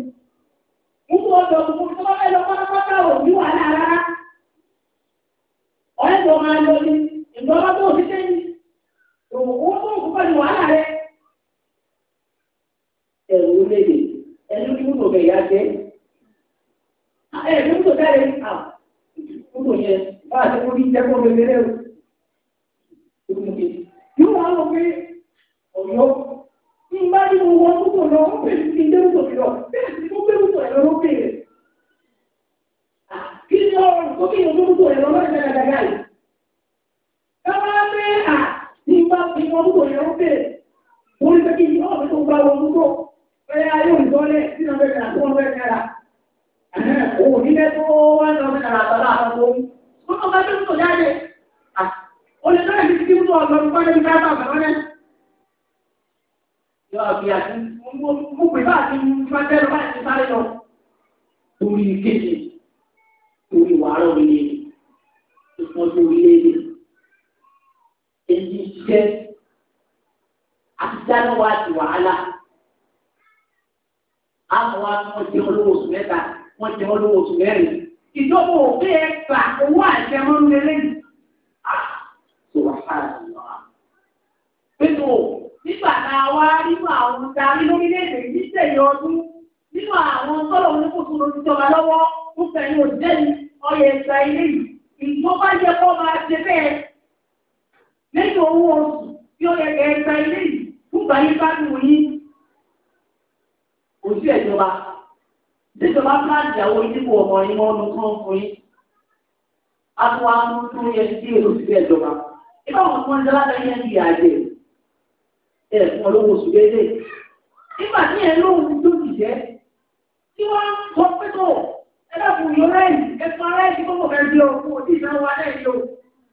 púpọ̀ ọ̀dọ̀ púpọ̀ tó bá fẹ́ lọ pátápátá ò ní wàhálà rárá ọ̀rẹ́dọ̀ máa lọ ní ìgbọ́n owó tó ń kópa ní wàhálà rẹ. ẹ̀rù léde ẹni tí mọ́tò bẹ̀ yá jẹ́ ẹ̀rù mọ́tò dáre mọ́tò yẹn bá a ti kó ní jẹ́kọ́ bẹ̀rẹ̀ rẹ o. yóò wá lọ pé ọ̀yọ́ ní bá ní mo wọ mọ́tò lọ ó pè mí kí n dé mọ́tò mi lọ bẹ́ẹ̀ ni mo gbé mọ́tò ẹ̀rọ ló pè kí ni ọrùn tó kí n ẹ̀rọ lọ́dẹ̀ bá fi wọn púpọ̀ yẹn ó bèrè wọ́n ní pé kí ni tó gba wọn púpọ̀ ẹ̀yà ayé òǹdọ́lẹ̀ sínú ọ̀bẹ náírà tó ọ̀bẹ náírà òun nílẹ̀ tó wá ní ọ̀bẹ náírà àtàlà àtàwọn ohun tó bá tó tó jáde olè náà ti ti mú ọ̀nà nípa ní ká bàbá wọn lẹ. yọ àbí àti mú pè bá àti bá tẹ́lẹ̀ bá ti sáré lọ. torí kéde torí wàhálà orílẹ̀-èdè tó pọ́n sí èyí jẹ́ àtijánuwá àti wàhálà. Àwọn wa wọ́n jẹ́ olówó oṣù mẹ́ta, wọ́n jẹ́ olówó oṣù mẹ́rin. Ìjọba òfin ẹ̀ gbà owó àjẹmọ́ ń lélẹ̀ yìí. Nínú nígbà tá a wá nínú àwọn darí lórílẹ̀-èdè yìí tẹ̀yìn ọdún nínú àwọn tọ́lọ̀ oníkùsù lórí ìjọba lọ́wọ́ ń fẹ̀yìn òjẹ́ yìí ọyẹ̀ ìgbà ilé yìí. Ìjọba yẹ kó máa ṣe bẹ́ẹ̀ nínú owó oṣù tí ó yẹ kẹgbẹ ilé yìí fún gbàyè bá nù yín kò sí ẹ̀jọba níjọba fúláàjì àwọn onídìbò ọmọ yín wọn nu kán fún yín àtúwà tó yẹ sí èrò sí ẹ̀jọba ìbá wọn fún ẹjọba lẹ́yìn ẹni ìyá jẹ ẹ fún olówó oṣù déédéé nígbà tí ẹ lóhun tó ti jẹ tí wọn sọ pé tó ẹ dàbò yọ lẹ́yìn ẹ fún aláìsí kókò fẹẹ bí ọ fún òtí ìsanwó aláìsí o.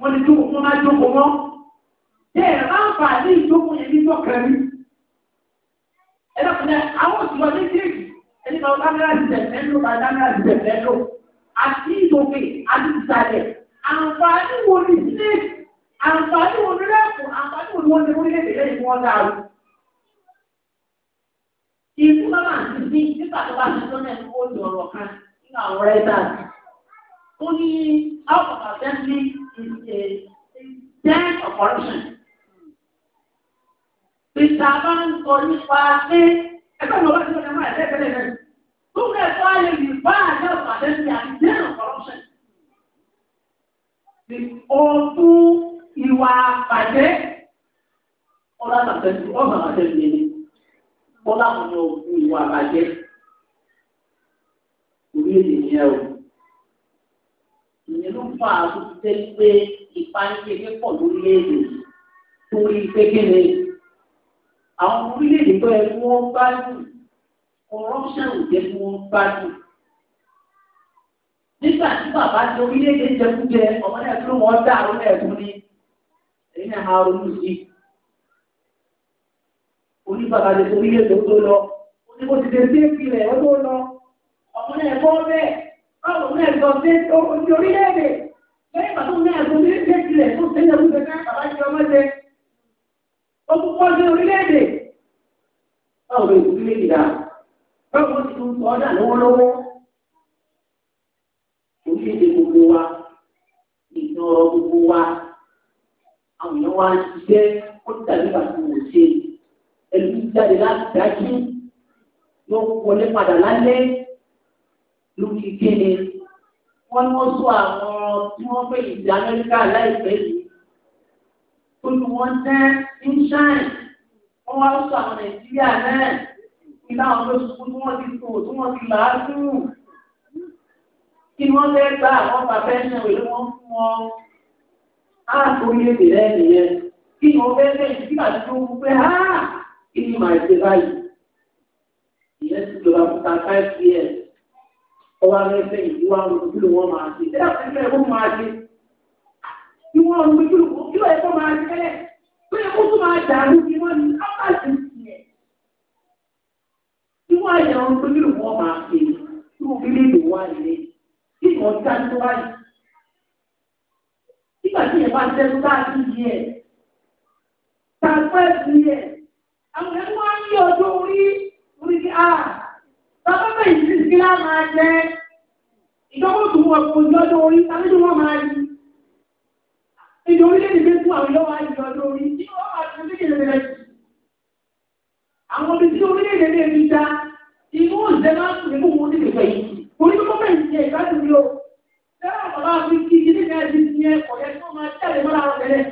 wọ́n ní jókòó fún máa jókòó mọ́. Bẹ́ẹ̀ máa ń fà ní ìjókòó yẹn níjọ́ kẹrí. Ẹ lọ́kùn náà, àwọn òṣìṣẹ́ méjèèjì, ẹni máa dámẹ́rà ìṣẹ̀ mẹ́lò máa dámẹ́rà ìṣẹ̀ mẹ́lò. Àti ìdòkè àti ìsàlẹ̀, àǹfààní wo ni sílé? Àǹfààní wo ni rẹ́pù? Àǹfààní wo ni wọ́n ti mú nílé ìdílé ìfún wọn dáa? Ìlú bá máa ti bí nígbà tó bá ti tó náà ó lọ̀rọ̀ kan nínú àwọn rẹ́dà. Ó ní àwọn àfẹ́sí is a death of corruption. Ìta bá ń sọ nípa pé ẹgbẹ́ ìlú ọlọ́sìn ọ̀dẹ́ máa ẹ̀dẹ́ ẹ̀dẹ́ ẹ̀dẹ́. Gómìnà ẹ̀kọ́ ayé mi bá àjọ ìpàdé ti àti death of corruption. The ọdún ìwà àbàjẹ́ ọ̀dà àtàtẹ̀sí ọ̀dà àtàtẹ̀sí ni bọ́lá àwọn ọ̀dún ìwà àbàjẹ́ orílẹ̀-èdè yẹn o ìyẹn ló fà á tó ti tẹ́lẹ̀ pé ìpánikéke pọ̀ lórílẹ̀-èdè torí pékinni àwọn orílẹ̀-èdè tó yẹ kí wọ́n gbádùn corruption jẹ́ kí wọ́n gbádùn nígbà tí bàbá ti orílẹ̀-èdè jẹkújẹ ọmọ náà tó wọ́n dá àwọn ẹ̀kún ni èyí náà ha ronú sí i oníbàbà lè torílẹ̀-èdè tó lọ oníbòsílẹ̀ sí ìpìlẹ̀ ó tó lọ ọmọ náà ẹ̀kọ́ bẹ́ẹ̀ báwo ní ẹ̀sọ́ sí ojú orílẹ̀-èdè lẹ́yìn ìgbà tó ní ẹ̀sọ́ ní ilé tilẹ̀ tó sí ẹ̀sọ́ ṣe ká bàbá ṣe ọmọ ṣe ó tún pọ́ sí orílẹ̀-èdè báwo ní ìdílé ìdá báwo ti tún sọ ọ́dà lọ́wọ́lọ́wọ́ orílẹ̀-èdè gbogbo wa ìtàn ọ̀rọ̀ gbogbo wa àwọn èèyàn wa ń ṣiṣẹ́ ó dàbí bàtú wò ṣe ẹlú lórí kéde wọ́n ní wọ́n sọ àwọn tí wọ́n pè ìdí Amẹ́ríkà láìpẹ́ yìí olùwọ́n jẹ́ inshine wọ́n wá sọ àwọn Nàìjíríà náà nígbà wọn ló sùkú tí wọ́n ti tò tí wọ́n ti làásù kí wọ́n fẹ́ gba àwọn bàbá ẹ̀ṣẹ̀ wẹ̀ ló wọ́n fún wọn á torí èdè rẹ̀ nìyẹn kí wọ́n fẹ́ fẹ́ ìdígbà tí ó wù pé á kí ni màá ṣe báyìí ìyẹn ti lọ́ra fún ta five years ọba lẹ́sẹ̀ ìlú wa ló kí ló wọ́n máa ṣe ẹ̀dá ìfẹ́ ẹ̀kọ́ máa ṣe kí wọ́n ló kí ló kí ló ẹ̀kọ́ máa ṣe ẹ̀ pé ẹ̀kọ́ tó máa dàrú kí wọ́n ní ápàṣẹ tiẹ̀ kí wọ́n àyà wọn pé kí ló wọ́n máa ṣe kí wọ́n fi lè lò wá kí wọ́n dá tó báyìí nígbà tí ẹ̀ bá jẹ́ tó bá ti yẹ tàgbẹ́ ti yẹ àwọn ẹ̀kọ́ á yí ọjọ́ orí orí kí á ah, bàbá bẹ́ẹ̀ ìdílé máa jẹ́ ìjọba òtún wọn kò ní ọjọ́ orí tàbí ni wọ́n máa rí ìjọ orílẹ̀-èdè gbé fún àwọn ìlọ́wọ́ àìjọ ọjọ́ orí tí wọ́n máa ti ní kèrè rẹ̀ àwọn ibi tí orílẹ̀-èdè lè fi da ìmú òṣìṣẹ́ máa ń sùn fún wọn níbi ìfẹ́ yìí orí tó bẹ̀rẹ̀ ìṣe ìgbádùn ni o lẹ́yìn àwọn bàbá fi kí ilé ìfẹ́ ti ti yẹn ọ̀yẹ́ tí wọ́n máa jáde mọ́ra wọn tẹ́lẹ̀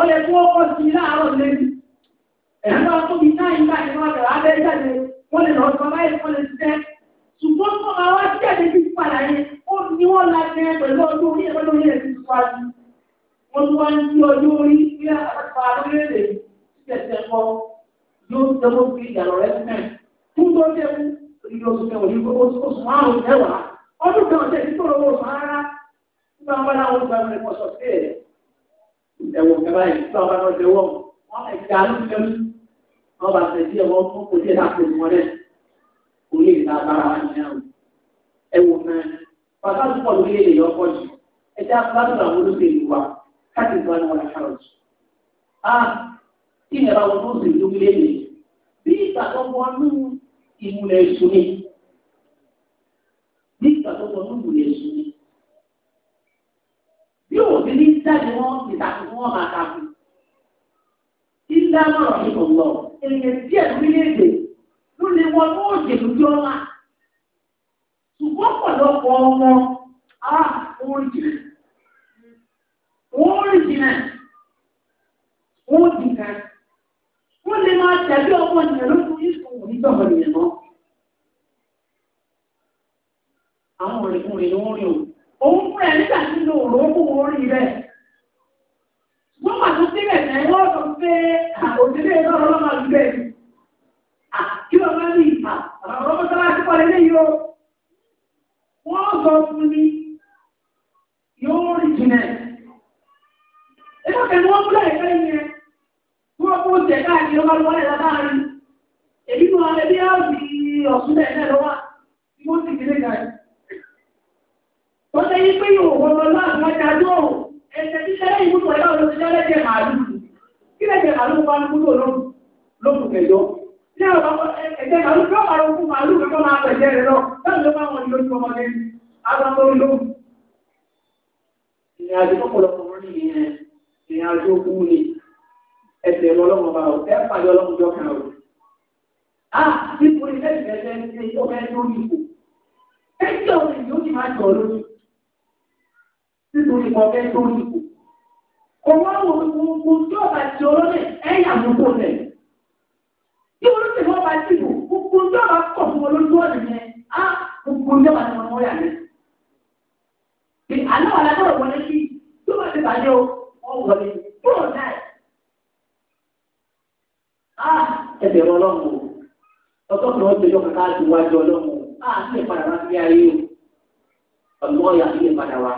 ọ̀yẹ́ tí wọ́n kọ́ sí i láàárọ̀ lẹ́yìn ẹ̀rọ tó fi náà yíká ìfọwọ́sẹ̀ ṣùgbọ́n tó máa wá jáde bí padà yẹn ó ní wọ́n la jẹ pẹ̀lú ọjọ́ orí ẹgbẹ́ lórí ẹ̀sìn síwájú wọ́n tún wá ń di ọjọ́ orí bí àpapọ̀ alórílẹ̀ títẹ̀tẹ̀ kọ yóò tẹ́wọ́ sí ìyàrá rẹ̀ fẹ́ fún tó dé ní oṣù kẹwàá ní oṣù márùn mẹ́wàá ọdún kan ọ̀sẹ̀ tí tóró wọ́n sọ ara nígbà wọn náà wọ́n gba ẹ̀rẹ̀ pọ̀ṣọ̀ sí ẹ̀ ẹ̀wọ̀n kẹfà yìí tí wọ́n bá lọ́ọ́ jẹ́wọ́ wọn ẹ̀ka ló ń jẹun wọn bá tẹ̀sí ẹ̀wọ̀n fún kò kò lè ta bára wa ní ẹ̀rù ẹ wò fẹ́ pàtàkì pọ̀ lórí èdè yọkọ̀ jù ẹ jẹ́ àpárọ̀ àwọn olóṣèlú wa káàkiri tó wà ní wọn àkàrọ̀ jù. a kí ni àwọn olóṣèlú lórí èdè bí ìgbà tó wọn ní ìmùlẹ̀ èṣù ni bí ìgbà tó wọn ní ìmùlẹ̀ èṣù ni bí òbí ní jáde wọn ìtàkùn wọn máa ta kù. ilé amọ̀ràn ìkọ̀ọ̀lọ́ ènìyàn díẹ̀ lórílẹ̀-èdè ó lè wọ ní òjè lójú ọ̀la ṣùgbọ́n pọ̀lọpọ̀ ọmọ á ah, wọ́n jìnà wọ́n rìn jìnà wọ́n lè máa tẹ̀lé ọmọ ènìyàn lójú ìṣòwò nígbà wọn nìyẹn mọ́. àwọn ọ̀rẹ́kùnrin ni wọ́n rìn o òun fún ẹ nígbà tí lo òrò ó kó wọ́n rìn rẹ̀ wọ́n mà síbẹ̀ náà wọ́n sọ pé òṣèré náà lọ́mọ àlùbẹ́ẹ̀ eléyìí o wọ́n sọ fún mi yóò rí jìnnà ẹgbẹ́ ni wọ́n múlẹ̀ ẹ̀fẹ́ yẹn wọ́n kó tẹ̀ káàkiri ọba lọ́wọ́ ẹ̀ lábáàrin èyí tó wọn ẹbí á fi ọ̀sùnlẹ̀ ẹ̀ lọ́wọ́ tí wọ́n sì kéré ga ẹ̀. wọ́n tẹ́ yí pé yóò wọ́n lọ láàrín ọjà tó ẹsẹ̀ tí sẹ́lẹ̀ ìmúṣọ̀ ẹ̀ lọ́wọ́ ló ti sẹ́lẹ̀ jẹ màálù kí lẹ́jẹ̀ màálù wọn kúrò lókùn kẹjọ. Ní àwọn ẹ̀jẹ̀ màálù kí wọ́n máa ro fún màálù kí wọ́n máa tẹ̀jẹ̀ rẹ̀ lọ. Bẹ́ẹ̀ ló máa wọn ní lójú lórí ipò. Ẹjẹ́ òun ni yóò ti máa jọ lórí. Nítorí ọmọ ẹni lórí ipò. ti ọlọ́lẹ̀ ẹ̀yà mú kó lẹ̀ tí wọ́n ti wọ́n bá ti wò gbogbo ní ọ̀rọ̀ kọ̀ fún wọn lójú ọ̀nà yẹn á gbogbo ní ọ̀rọ̀ àwọn ọmọ yà ni. bí àlọ́ wà lágbọ́dọ̀ wọlé sí tó bá ti bàjẹ́ o wọ́n wọlé tó o náà. á ẹsẹ̀ rọ ọlọ́run o ọtọ́ kan ọ̀sẹ̀ yọ kàkà àti wájú ọlọ́run o á sì padà wá sí ayé o ọ̀dùnmọ́ yà sí ìpadà wa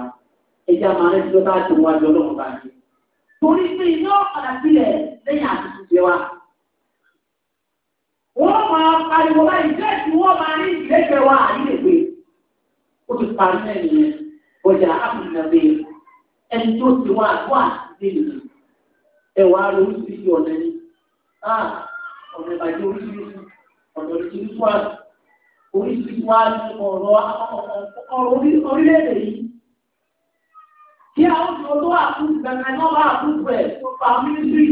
ẹja máa ń ṣe tó bá ti wájú ọlọ́run bá ti. torí pé iná ọ̀padà wọ́n máa pariwo báyìí jẹ́ kí wọ́n máa ní ìlẹ́gbẹ̀ẹ́ wa àyè pé ó ti parí mẹ́rin yẹn ọjà àmúnàbẹ ẹni tó ti wá wà nílùú ẹwà lóríṣiríṣi ọ̀nà ni ọ̀nà ìbàjẹ́ oríṣiríṣi ọ̀nà oríṣiríṣi wà oríṣiríṣi wà ní ọ̀rọ̀ orílẹ̀-èdè yìí kí àwọn ọ̀dọ́ àkúrú gbẹ̀ngàn náà bá àkúrú rẹ̀ tó pa mínísírì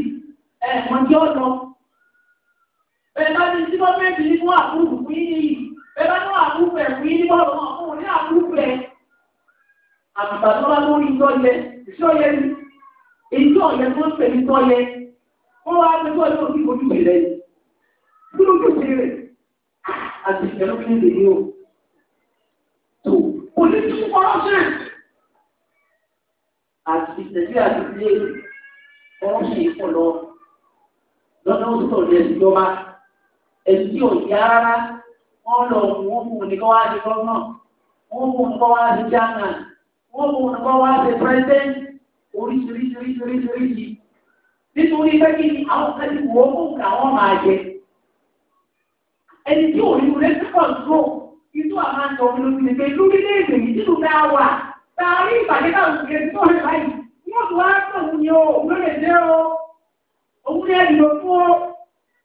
ẹ̀ mọ́jọ́ náà bẹ́ẹ̀ bá ti tí wọ́n fẹ́ bí fún àbúrò fún yìí bẹ́ẹ̀ bá náà àbúrò ẹ̀ fún yìí bọ́ọ̀lù náà fún òní àbúrò ẹ̀ àbùtà tó bá lórí ìtọ́yẹ ìṣọ́yẹ ni èyí tó ọ̀yẹ tó ń pè ní tọ́yẹ wọ́n wá pé tó ọ̀yẹ tó ti fojú rẹ̀ lẹ́yìn kí ló tó ṣe rẹ̀ àti ìfẹ́ ló fi ń lè ní o tó kò ní tún kọ́rọ́ṣẹ̀ àti ìtẹ̀lé àti ilé kọ́rọ́ṣẹ̀ yìí pọ̀ lọ lọ́dọ̀ ó sọ̀rọ̀ ní ẹ̀sìn èyí tí ò yá rárá wọ́n lọ wọ́n mú un ní kọ́ wá di gọ́nà wọ́n mú un kọ́ wá di jàǹgà wọ́n mú un kọ́ wá di president oríṣiríṣiríṣiríṣi nítorí pé kí ni àwọn kẹ́lí wò ó fún káwọn máa jẹ ẹni tí ò ní wọlé sí kọ̀ǹtró inú àwọn àjọ olóògùn ní pé lórílẹ̀-èdè yìí nínú bá wà láàárín ìpàdé náà ń gbé tó rẹ̀ báyìí wọ́n tún wá sọ̀rọ̀ ni ó òun ló lè jẹ́ o òun lè lò fún o.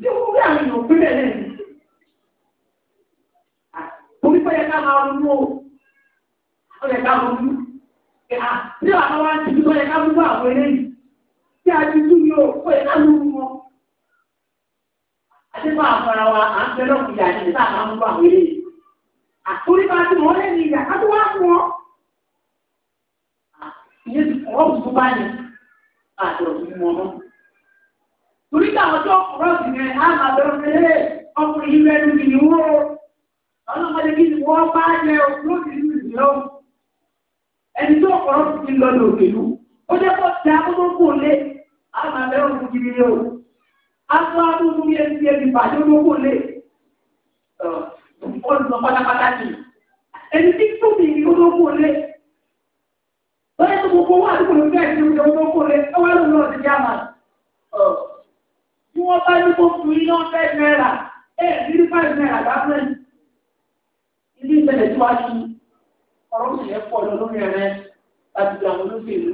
bí wọ́n rí àwọn èèyàn pínlẹ̀ náà ni. Orí pé ẹ̀ka máa ronú o, ó yẹ ká ronú. Ní àwọn wa ti dúró ẹ̀ka gbogbo àwọn eléyìí, tí a ti dúró yóò kó ẹ̀ka lóru wọn. Adébá àfọ̀rà wa à ń bẹ́lọ̀ kù yà ní sáà máa ń gbọ́ àwọn eléyìí. Àkórí bá ti wọ́n lẹ́nu ìyá ká tó wá fún ọ. Ìyẹn ti fọwọ́ bùtú bá yẹn. Àjọ̀ òbí náà torí táwọn tó kúrọ̀ sí rẹ̀ á máa lọ rẹ̀ ọkùnrin yìí rẹ̀ lùmí ni wọ́n o ọlọ́mọdé kí ni wọ́n bá yẹ o lóde ìlú ìlú o ẹni tó kúrọ̀ sí ti lọ lòkè lù ó jẹ́ kó ti akókó lé á máa lẹ́wọ̀n fún kiri o aṣọ àbúrú yẹ ti ẹbí pàdé olókó lé ó lọ pátápátá ni ẹni tí tó mi ni olókó lé lọ́yẹ́ tó gbogbo wọn àdúgbò ló fẹ́ẹ́ ti lé ọwọ́ tí wọ́n bá ní kó fún iná five naira ẹ̀ nírí five naira lábẹ́ ilé ìṣẹ̀lẹ̀ tí wàá ṣe ọ̀rọ̀ ìṣẹ̀lẹ̀ pọ̀ lọ lórí ẹ̀rẹ́ àti àwọn olóṣèlú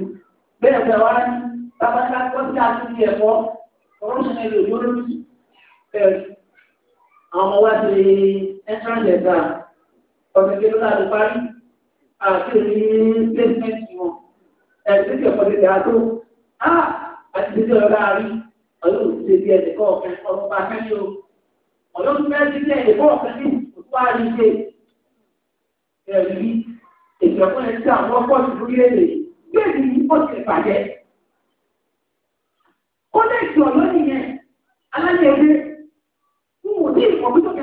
bẹ́ẹ̀ bẹ́ẹ̀ wá ní tábàtà kọ́sí àti ẹ̀fọ́ ọ̀rọ̀ ìṣẹ̀lẹ̀ lè yọ lórí ẹ̀rí àwọn ọmọ wa ti entrance exam ọ̀sẹ̀ kí ló láti parí àti òní placement wọn ẹ̀rí tí kò kọ́ ti dà tó ah, àti ìdíjọ́ ọ̀la rí ọlọ́run ti ṣe bí ẹnìkan ọ̀fẹ́ ọmọ bá fẹ́ ní o ọlọ́run fẹ́ ti ṣe ẹnìkan ọ̀fẹ́ ní òkú àárín ṣe ẹ̀rí ètò ẹ̀kọ́ yẹn ti àwọn ọkọ̀ ti lórí èdè bẹ́ẹ̀ ni ó ti bàjẹ́ kọ́lé ìtì ọ̀lọ́ nìyẹn alájẹ ẹgbẹ́ fún òdì ìfọ̀bí tó kẹ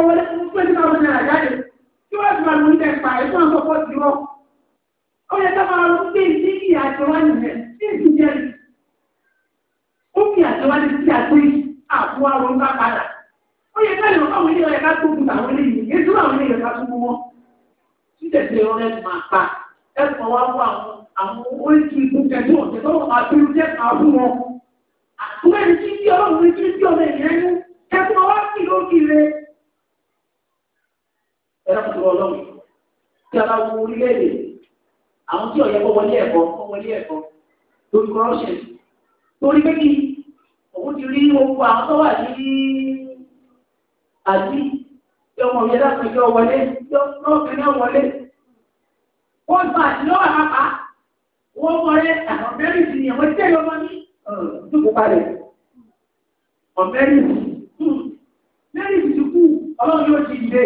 máa wọlé fún ẹni máa wọlé náírà jáde tí wọ́n ti máa lò nílẹ̀ pa ẹ̀ fún àwọn ọkọ̀ tiwọ́. ó yẹ ká máa rún pé ní kí àjọwá nìyẹn tí èsì jẹ́ rí. ó kí àjọwá ní kí àjọ yìí àbú àwọn bá padà. ó yẹ ká lè wọ́n káwọn ilé ọ̀yẹ́ ká tó kùtà àwọn ilé yìí ètò àwọn ilé ọ̀yẹ́ ká tó wọ́n. títẹ̀sílẹ̀ ọ̀rẹ́ ti máa pa ẹ̀fọ́ wá wọ àwọn àwọn oríṣi ìgbésẹ̀ tó ọ̀tẹ̀ tó wọ́n máa bẹ̀rù jẹ́ àbú wọn. àtúwẹ́ni tí bí ọlọ́run ní kí bí ọmọ ènìyàn ní kẹ́kọ̀ọ́ wá sí lókè rẹ̀ ẹlẹ́kùn tó lọ́wọ́ tí a bá wo orílẹ̀-èdè àwọn tí ọ̀yẹ́ kọ́ wọlé ẹ̀kọ́ kọ́ wọlé ẹ̀kọ́ lórí corruption torí pé kí òun ti rí gbogbo àwọn tó wà ní àti tí ọmọ yẹn láti fi wọlé tí ọmọ fi náà wọlé wọ́n gbà tí lọ́wọ́ àpá wọ́n wọlé àwọn mẹ́rin sì yẹn wọ́n tẹ̀lé ọmọ mi dúkù parẹ́ ọ̀mẹ́rin mẹ́rin sì kú ọlọ́run yóò ti dìde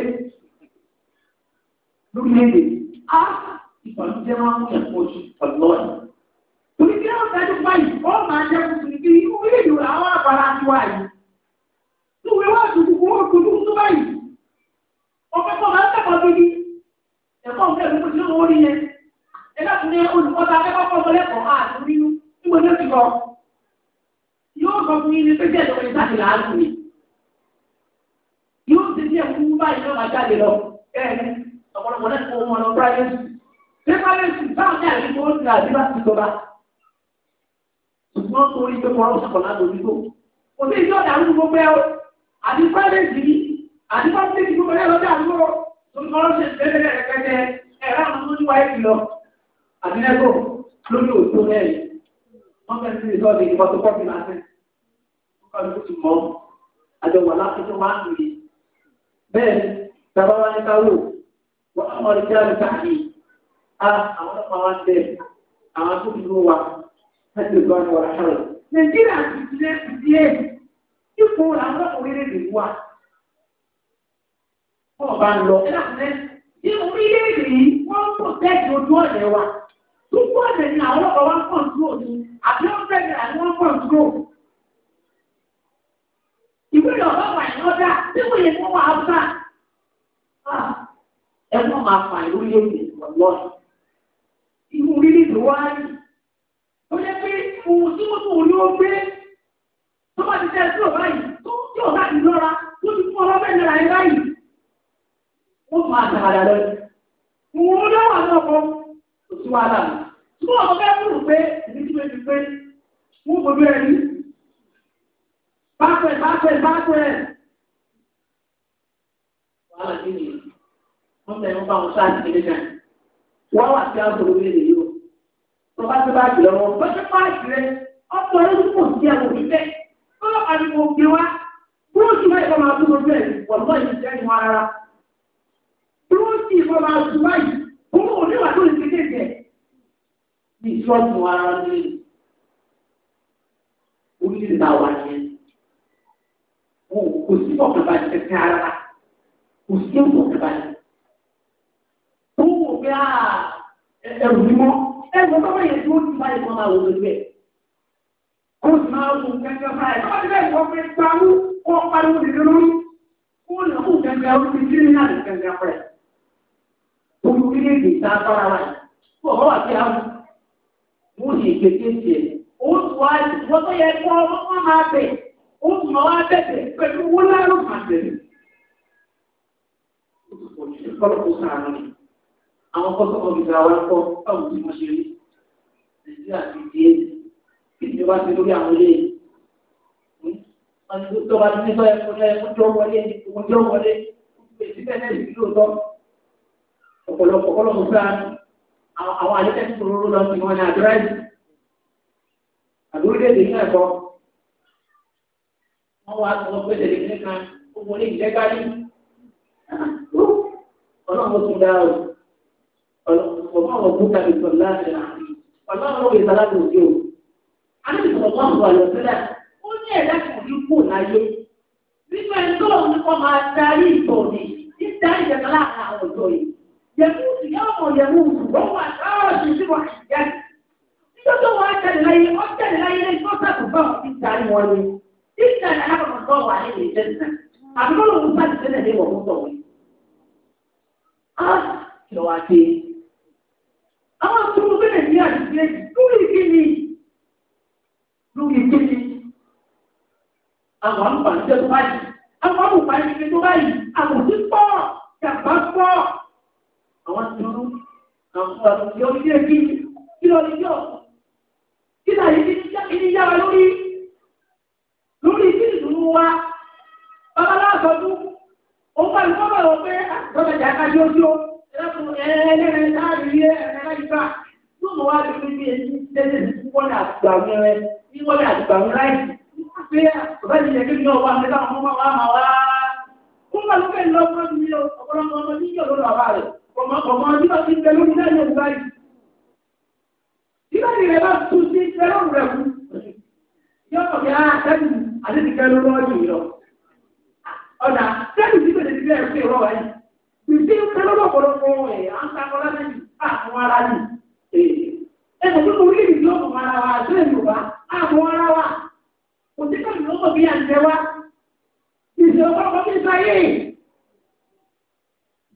lórílẹ̀-èdè á ìbànújẹ́ máa ń mú yàn pọ̀jù ọ̀lọ́ ẹ̀. torí kí wọ́n fẹ́ẹ́ dúpọ̀ yìí wọ́n máa jẹ́ tuntun kí orílẹ̀-èdè làwọn àgbàlá ti wá yìí. lóòwe wá dùdú kó dùdú tó báyìí. ọ̀pẹ́ kọ́ máa ń tẹ̀kọ́ gidi ẹ̀kọ́ òun fẹ́ẹ́ fi kó orí yẹn. ẹ dákun ní olùkọ́ta akẹ́kọ̀ọ́ kọ́kọ́lẹ́kọ̀ọ́ àti yóò ṣe díẹ̀ fún báyìí náà máa jáde lọ ọ̀pọ̀lọpọ̀ náà kò wọn lọ pírẹ́sì ṣé pírẹ́sì táwọn ní àdúgbò ó ti àdúrà ti jọba ṣùgbọ́n torí pé wọn sọ̀kọ̀ náà lórí tó kò sí ìjọ ìdààmú gbogbo ẹ o àti pírẹ́sì yìí àti pírẹ́sì gbogbo ẹ lọ́jà àdúgbò lórí kọ́ lọ́sẹ̀ lẹ́lẹ́lẹ́ rẹpẹtẹ ẹ̀rọ àwọn tó ní wáyé kìlọ̀ àdínẹ́gbò lórí òtó mẹ́rin wọ́n fẹ́ẹ́ sí ìsọ́ọ̀dì ìfọ́tòkọ́fì máa fẹ́ wọ́n kọ́ ló ti mọ́ àjọwọ̀ láti tó máa ń rè bẹ́ẹ̀ ni bàbá wa ní wọ́n mọ̀ ní kí a a àwọn ọmọ wa tẹ̀ àwọn tó dúró wa láti lè àwọn ọ̀rọ̀ àṣà rẹ̀. nàìjíríà ti nke dé ti di èyí ipò àwọn ọkùnrin lè wa. wọ́n bá ń lọ. ní orílẹ̀-èdè yìí wọ́n wa. tupu ọ̀nà ni àwọn wa ń pọ̀ dúró ni àbí wọ́n fẹ́ àwọn dúró. Ìwé ẹ má máa fà ìlú lé mi lọ́wọ́ ìlú rírì tó wá rí ó yẹ pé ohun tí wọ́n tún olú ó gbé tó bá ti tẹ́ sí ọ̀rá yìí tó ń tí ọ̀rá yìí lọ́ra tó ti fún ọlọ́fẹ́ náírà yẹn báyìí wọ́n máa tàbàdà lọ sí ìwọ̀n ó dáwà náà kọ́ kò sí wàhálà tí wọ́n fẹ́ kúrò pé ìdí tí wọ́n ti pé wọ́n gbogbo ẹ̀ ní bápẹ́ bápẹ́ bápẹ́ wàhálà kí nìyẹn wọ́n fẹ́ wọ́n bá wọn sáà nílé náà wọ́n wà sí àgbòrò mi nìyí o wọ́n bá tó bá jùlọ wọn bó ṣe máa jùlẹ ọkọ̀ rẹ̀ tó pọ̀ sí àwọn òbí bẹ́ẹ̀ ó lọ àdìgbò gbé wa búrọ́ọ̀sì báyìí kọ́ máa tún lọ bẹ́ẹ̀ wọ́n bọ́ ìlú jẹ́ ìwọ ara búrọ́ọ̀sì kọ́ máa tún báyìí òun ò ní wà lórí kékeré ní ìṣọ́ọ̀tún ara ní orílẹ̀ náà wà ní kò sí ọ̀kan bá ti tẹ̀sí ara kò sí ọ̀kan bá ti pé ẹrù mímọ́ ẹ̀sùn tó wáyé tí ó ti bá ìfọ́n máa wò lójú ẹ̀. kó sì máa wù kẹ́kẹ́ báyìí tó bá ti bẹ́ẹ̀ wọ́n fi gbáwó kó pariwo dìde lórí kó lè kó kẹ́kẹ́ ó ti kí ní láti kẹ́kẹ́ pẹ́. gbogbo kí ní èdè ìta sọ́ra wáyé kó ọ̀rọ̀ àti àwọn mú ní ìgbésẹ̀ tiẹ̀ ó tù wá ìwọ́n tó yẹ kó wọ́n máa bẹ̀ ó tù wọ́n wá bẹ̀tẹ̀ pẹ̀lú wọ́n lárò màtẹ̀ àwọn kọ́sọ́kọ́ gíga wa kọ́ báwo ni wọ́n ṣe rí nàìjíríà ti di é ìjọba ti lórí àwọn ilé wọn tó bá ní sọ ẹ̀kọ́ náà ẹ̀kọ́ jọ wọlé ẹ̀kọ́ jọ wọlé èsì bẹ́ẹ̀ náà ìlú lóòótọ́ ọ̀pọ̀lọpọ̀ kọ́lọ̀ mọ̀ fún àwọn àyẹ̀kẹ́ tó rọrùn lọ sí wọn ní àdúrà yìí àdúródé ìdè náà kọ wọn wá sọ pé tẹ́lẹ̀ kí nìkan ó wọlé ìjẹgbárí ọlọ́run tó dáa o ọlọ́run ọ̀gbúta lè sọ láti àárín ọlọ́run ló lè sọ láti òde o. aláìsàn ọlọ́run wà lọ́sílẹ̀ ó ní ẹ̀dá kò ní kú láyé nígbà tó ń kọ́ máa darí ìtọ̀ ni ní darí ìjẹta láàrin àwọn ọ̀dọ́ yìí. yẹ̀mú ti yẹ yẹ̀mú ṣùgbọ́n wà láàrín sí wà ìyá nígbà wà á àwọn tó ń bẹ̀rẹ̀ ní àdìgbé lórí kíni lórí kíni àwọn àǹfààní jẹ́ tó báyìí àwọn àǹfààní jẹ́ tó báyìí àwọn tí pọ̀ jàmbá pọ̀ àwọn tí wọn àwọn àti ọdún yẹ kí kí lọ yíyọ kí náà yí ní yára lórí lórí kí ìdùnnú wa babaláwo sọdún òun pàlú kọ́ bọ̀ wọ pé àgbọ̀dọ̀ jà ká yóò yóò ẹ̀kùn ẹ̀ẹ́dẹ́rẹ́ láàrin ẹ̀ẹ́dẹ́rẹ́ ìgbà yóò mọ̀ wá lórí bí ẹni tẹ́lẹ̀ wọ́n lè àgbà wọn rẹ̀ bí wọ́n lè àgbà wọn láì pé ọ̀rẹ́ mi yẹn kí ni ọba mi táwọn ọmọ wa máa wá. Fún wa ló fẹ́ lọ ọmọ mi o, ọ̀pọ̀lọpọ̀ ọmọ mi yóò lọ bàbá rẹ̀. Ọmọ ọmọ ọdún náà ti bẹ lórí náà yóò gbá yìí. Ìbáyìí rẹ̀ bá tún sí fẹ́ràn rẹ̀ kú. Yọ̀ọ̀ bí a ah, tẹ́lẹ̀ àti ti kẹ́ lórí ọ̀dùn yìí lọ. Ọ̀nà tẹ́lẹ̀ ti bẹ̀rẹ̀ ti bẹ̀rẹ̀ fún ìrọ̀ wáyìí. Bìbí ń pẹ́ lọ́pọ̀lọpọ̀ ẹ̀ àǹtakọ̀lá lẹ́yìn àwọn ará ni. Ẹ̀sẹ̀ tó kọ orílẹ̀ èdè ọ̀pọ̀ ara wa àti Yorùbá àwọn ará wa. Kò sí káàkiri ọkọ̀ bí àǹtẹ̀ wa. Bìbí ọ̀pọ̀lọpọ̀ ti sáyé.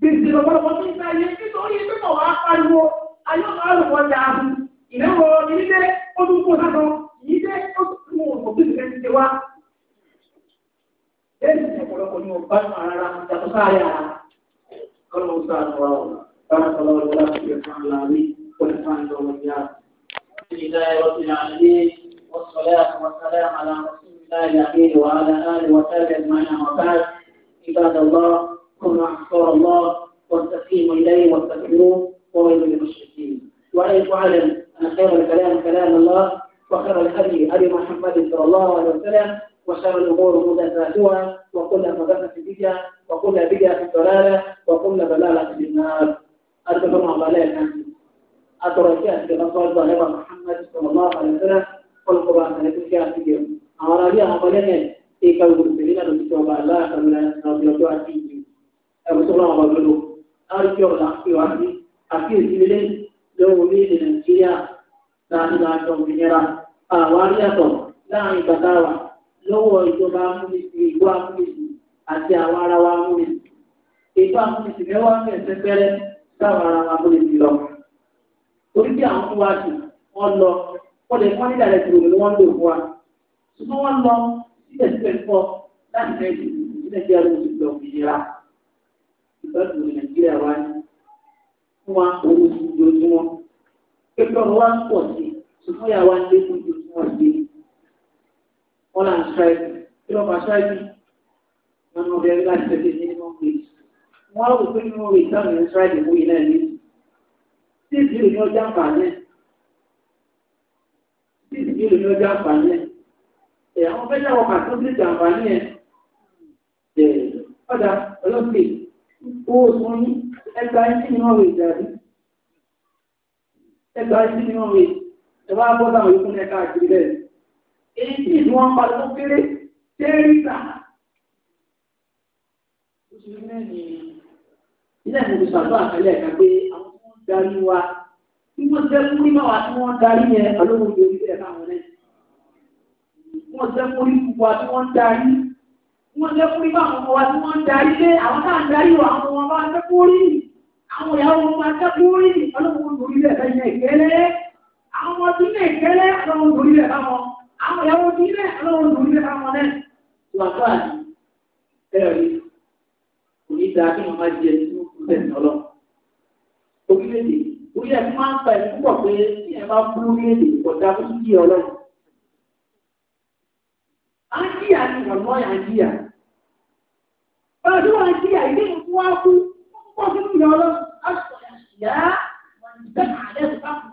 Bìbí ọ̀pọ̀lọpọ̀ ti sáyé nítorí pípọ̀ wá pariwo ayọ́kọ̀ àlùkò jàǹdù. Ìnáwó ìdílé ó tún kó sáfọ́ ìdílé ó tún mú òṣ والمستعان وراءنا بارك الله لنا في القرآن العظيم ونفعنا وإياكم لله رب العالمين والصلاة والسلام على رسول الله الأمين وعلى آله وصحبه أجمعين أما عباد الله كن أحصار الله واستقيموا إليه واستكبروه وويل للمشركين وعليك أن خير الكلام كلام الله وخير الهدي هدي محمد صلى الله عليه وسلم وشر الأمور محدثاتها وكل محدثة بدعة وكل بدعة ضلالة وكل ضلالة في النار أتفهم ضلالة أتركها في الأصوات ظاهرة محمد صلى الله عليه وسلم والقرآن الذي جاء فيه أمر بها ضلالة في قول المسلمين أن تتوب الله فلا نرجع فيه أبو سلمة وغيره أرجو الأخي وأخي أخي الجبلين لو أريد أن أجيها لا أنا أجوم بنيرة أوارية لا أنا lọ́wọ́ ìjọba amúnisìn ìlú amúnisìn àti àwọn ará wa amúnisìn ìlú amúnisìn mẹ́wàá ní ẹ̀sẹ̀ pẹ́rẹ́ sáwọn ará wa amúnisìn lọ. torí bí àwọn fún wa jù wọ́n lọ wọ́n lè wọ́n nílẹ̀ rẹ̀ tìrò ní wọ́n lò fún wa ṣùgbọ́n wọ́n lọ síbẹ̀síbẹ̀ fọ́ láti mẹ́jì ní nàìjíríà ló ti lọ òmìnira ìbádùn ní nàìjíríà wa ní fún wa owó ojoojúmọ́ pé ọ̀rọ̀ wa ń pọ̀ sí ṣùgbọ́n ìyàwó wọn là ń ṣáìkì kí lọ́ọ́ bá ṣáìkì wọn ní ọbẹ̀ láti tẹ̀lé ní minimum wage wọn á wò pé minimum wage táwọn èèyàn ṣáìkì wọ́n yìí náà ní sí ìdílé ní ọjà àǹfààní sí ìdílé ní ọjà àǹfààní ẹ̀ àwọn fẹ́ yàwọ̀ kàtó sí ìjà àǹfààní ẹ̀ ọ̀dà ọlọ́pẹ̀ owó tó ní ẹgbàá ní minimum wage àbí ẹgbàá ní minimum wage ẹ bá bọ́ sáwọn yòókù èyí tí ìlú wọn pa tó kéré tẹ́rìtà oṣù mẹ́rin ilé ìlú sàdúrà àkàlẹ̀ ẹ̀ka pé àwọn tí wọ́n darí wa tí wọ́n jẹ́ kúrí máa wà tí wọ́n darí yẹn ọlọ́run lórí bẹ́ẹ̀ káwọn náà wọ́n jẹ́ kúrí gbogbo wa tí wọ́n darí wọ́n jẹ́ kúrí máa wọ́n wa tí wọ́n darí pé àwọn náà darí wa àwọn ọmọ wa jẹ́ kúrí àwọn ìyàwó wọn máa jẹ́ kúrí ọlọ́run lórí bẹ́ẹ̀ káwọn náà ìkẹ́lẹ́ àwọn ọmọ àwọn ìyàwó bí bẹ́ẹ̀ ọlọ́run ló ń bẹ fáwọn náà ìwà tó àdì bẹ́ẹ̀ rí kò ní dáa kí wọ́n máa jẹ ní kúrú bẹ́ẹ̀ lọ́lọ́ orílẹ̀-èdè orílẹ̀-èdè máa ń pa ẹ̀ púpọ̀ pé kí ẹ máa fún orílẹ̀-èdè ọ̀dà fún kí ọlọ́run á jìyà ni ọ̀nà ọ̀yà jìyà ọ̀nà ilé ìfún wa kú púpọ̀ sínú ìyá ọlọ́run á sọ ìyá wọn ìgbẹ́ àlẹ́ bá kú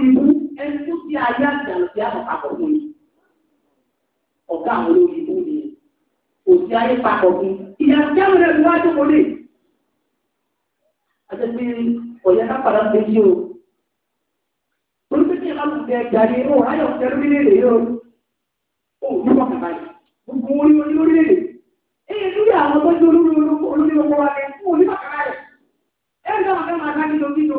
sí ẹni tó ti ayé àti àlùfẹ́ àmọ̀ papọ̀ fún mi. ọ̀gá àwọn olórí ìlú ni kò sí ayé papọ̀ fún ìyá tí àwọn ẹ̀rọ wá tó wọlé. àtẹ̀gbẹ́ ọ̀yá kápára ń bẹ́ẹ̀ o. olùdókè aláwọ̀ bẹ jàre o ayọ̀ tẹ́lú mi lélẹ̀ yóò. o ní wọn kàkà yìí gbogbo orí orí lórílẹ̀ èyí lórí àwọn tó ń jẹ́ olórí olórí olórí olórí wa ni fún onímọ̀ kàkà yìí. ẹ̀ ń dáhùn ẹ̀ máa dá nínú nínú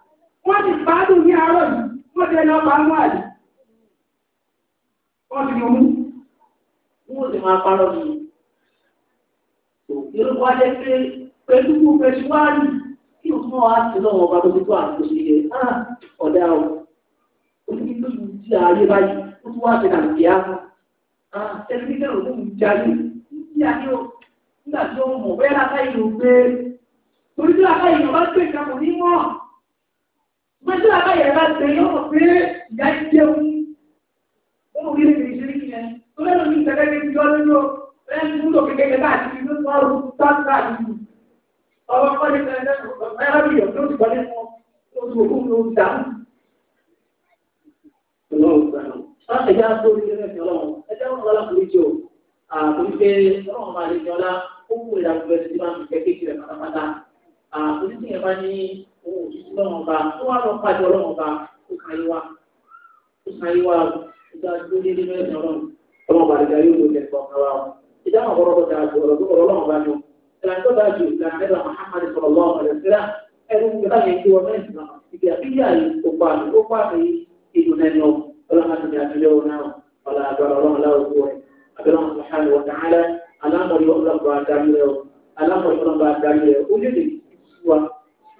wọ́n ti pàádùn ní àárọ̀ yìí wọ́n ti ẹni ọba mú àdì wọ́n ti mú wọ́n ti máa parọ́ mi ìlú wa jẹ́ pé pẹ̀lú pẹ̀lú wá rí kí o tún wá sí lọ́wọ́ ọba tó ti tó àti oṣù yẹn á ah, ọ̀dà o oníkí tó ti di ààyè báyìí ó tún wá sí nàìjíríà ah, ẹni tí kẹrù tó ń jáde ń jí àyè o nígbà tí ó mọ̀ bẹ́ẹ̀ láta yìí gbé torí tí láta yìí bá gbé ìjàmọ̀ ní mọ́ gbèsè àbáyé bá tẹ yóò mọ̀ pé ìyá jẹun ó mọ̀ kí lè fi ṣe kí yẹn tó lẹ́nu ní ìtẹ́kẹ́ ní ìjọ nínú lẹ́nu ní ìlú òkè kẹ́kẹ́ láti fi ló sọ ọ́rùn tó sáà nínú ọ̀rọ̀ kọ́lé kẹ́kẹ́ ẹ̀rọ ìyọ̀ tó ti kọ́lé fún oṣù òkun ló dà ẹja tó ní ẹgbẹ́ ti ọlọ́run ẹja wọn lọ́la kò ní jẹ́ o àkójúké ọlọ́run máa lè jọ ọlá ó wù ìdàgbẹ́sì máa ń fi kẹ́kẹ́ kiri pátápátá àkójúké yẹn máa ní òun òjijì lọ́wọ́ ọba ó wá lọ pàdé ọlọ́wọ́ ọba ó kà yí wa ó kà yí wa ìgbà tó dé nínú ẹ̀sìn ọlọ́run ọlọ́wọ́ ọba àdìgbà yóò lóde ẹ̀kọ́ ọ̀kan wa o ìdáhùn ọ̀rọ̀ tó dáa ju ọ̀rọ̀ tó kọ̀ ọlọ́wọ́ ọba ni o ìlànà tó dáa ju ìlànà ẹ̀rọ Muhammad sọ̀rọ̀ ọlọ́wọ́ ọba àdìgbà alámọ̀ ìfọ̀nba àdáyé rẹ̀ ó lè lè wá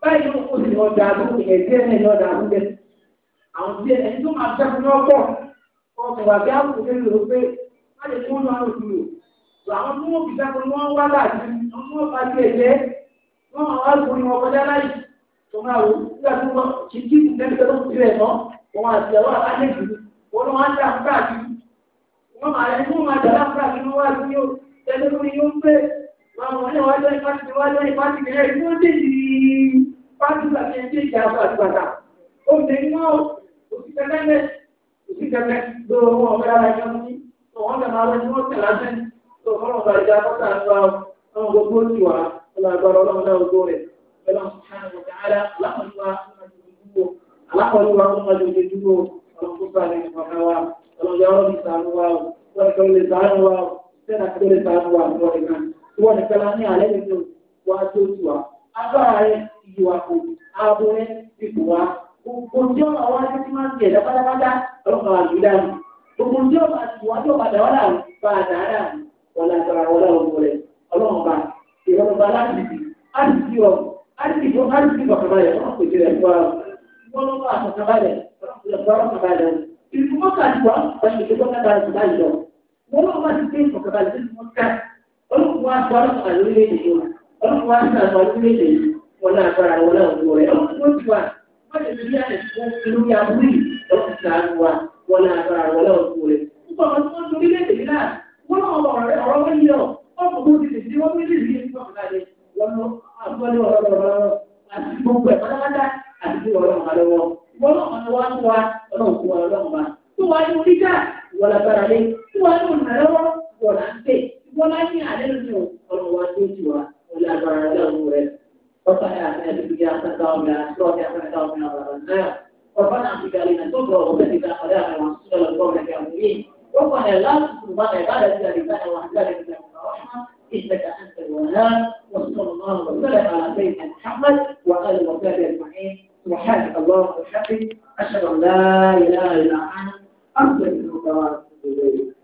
báyìí ló kó sí ọjà àdúgbò ẹ̀jẹ̀ náà ní ọjà àdúgbò àwọn tí ẹni tó máa sẹ́kù ní ọ̀pọ̀ ọ̀sẹ̀ wà bí àpò tó lò ó pé láyé tí wọ́n máa ń lò lò àwọn tí wọ́n fi sẹ́kù ni wọ́n wá láti wọ́n tí wọ́n bá ẹ̀jẹ̀ wọ́n máa wá lórí wọn kọjá láyé tó máa wò nígbà tí wọ́n kì í kí tó ti rẹ̀ mọ́ wọn àti ẹ̀wọ́ àlejò wọn ló máa ń dà fúlà sí wọn máa ẹni wọn máa dàgbà fúlà sí wọn wá sí yóò tẹlifóni yóò pé wọn àwọn ọ̀rẹ́ wájú ẹ̀ pàṣẹ wájú ẹ̀ pàṣẹ kẹlẹ́ ìfúnṣẹ́ yìí pátìlà ní ẹgbẹ́ ìjà àgbàgbàgbà ó lè ná òsì kẹlẹ́lẹ́ òsì kẹlẹ́ lọ́wọ́ ọmọ ọ̀gá ara ẹ̀yọ́ ní ọ̀wọ́n lè máa lọ́wọ́ ní ọ̀tẹ̀ lásán tó fọ́nà bá ìjà àkọ́kọ́ àgbà ọmọ gbogbo ti wà ọlọ́gbàrọ̀ ọlọ́run náà gbogbo rẹ̀ ọlọ́run sàn ọ̀gá ara alákọ̀ọ́lùwà ọmọ ìdúgbò alákọ̀ọ́lùwà ọmọ agbára rẹ iyì wa kò ààbò rẹ ipò wa gbogbo tí ọba wa ti ti máa ń tiẹ̀ dápátápátá ọlọ́kàn wa yìí dànù gbogbo tí ọba ti wá tí ọba dà wà dànù bá a dà dànù wọlé agbára wọlé ọgbọ rẹ ọlọ́run ba ìrọ̀rùn ba láti fi láti fi ọ láti fi ọ láti fi bàkàbà rẹ ọlọ́run kò jẹrẹ fún wa ìwọ́n bá àkàkàbà rẹ ọlọ́run kò jẹ fún wa bàkàbà rẹ ìlú mọ́tà ti wà pẹ̀lú ìgbésọ́kà dára tó báyìí lọ wọ́n bá ti dé ìfọ̀kàbà rẹ ọlọ́run wá sí àwọn ọdún méje wọn náà bára wọn náà wọ rẹ ọdún tó ti wà wọn lè fi àyè tó ń fi lórí abúlé ọdún tó ti wà wọn náà bára wọn náà wọ rẹ. nípa àwọn tó ń torí léde yìí náà wọn náà ọ̀rọ̀ rẹ ọ̀rọ̀ wọn yọ ọkọ̀ tó ti tètè wọn méjì rí nípa ọ̀gáde wọn lọ àgbọ̀dọ̀ ọ̀rọ̀ ọ̀rọ̀ àti gbogbo ẹ̀ pátápátá àti ọlọ́run wa lọ́wọ́ wọn náà wọn wá ọlọ́run fún ọlọ́run wa tó wá ní orí dá wọn lágbára lé tó wá ní olùrànlọ́wọ́ wọn là ń pè wọn lá ní àlẹ́ lónìí ọ̀rọ̀ wa tó ti wà. ولا ضرر له ولد وصحى أثناء بجاه تدعو من أسرار أثناء تدعو من أضرار النار وفنع في بالنا تدعو وبدت أخلاقا وانصر القوم كاملين وقال لا تكون عبادة لله وحده من الرحمة إنك أنت الوهاب وصلى الله وسلم على سيدنا محمد وآل وصحبه أجمعين سبحانك اللهم وبحمدك أشهد أن لا إله إلا أنت أستغفرك وأتوب إليك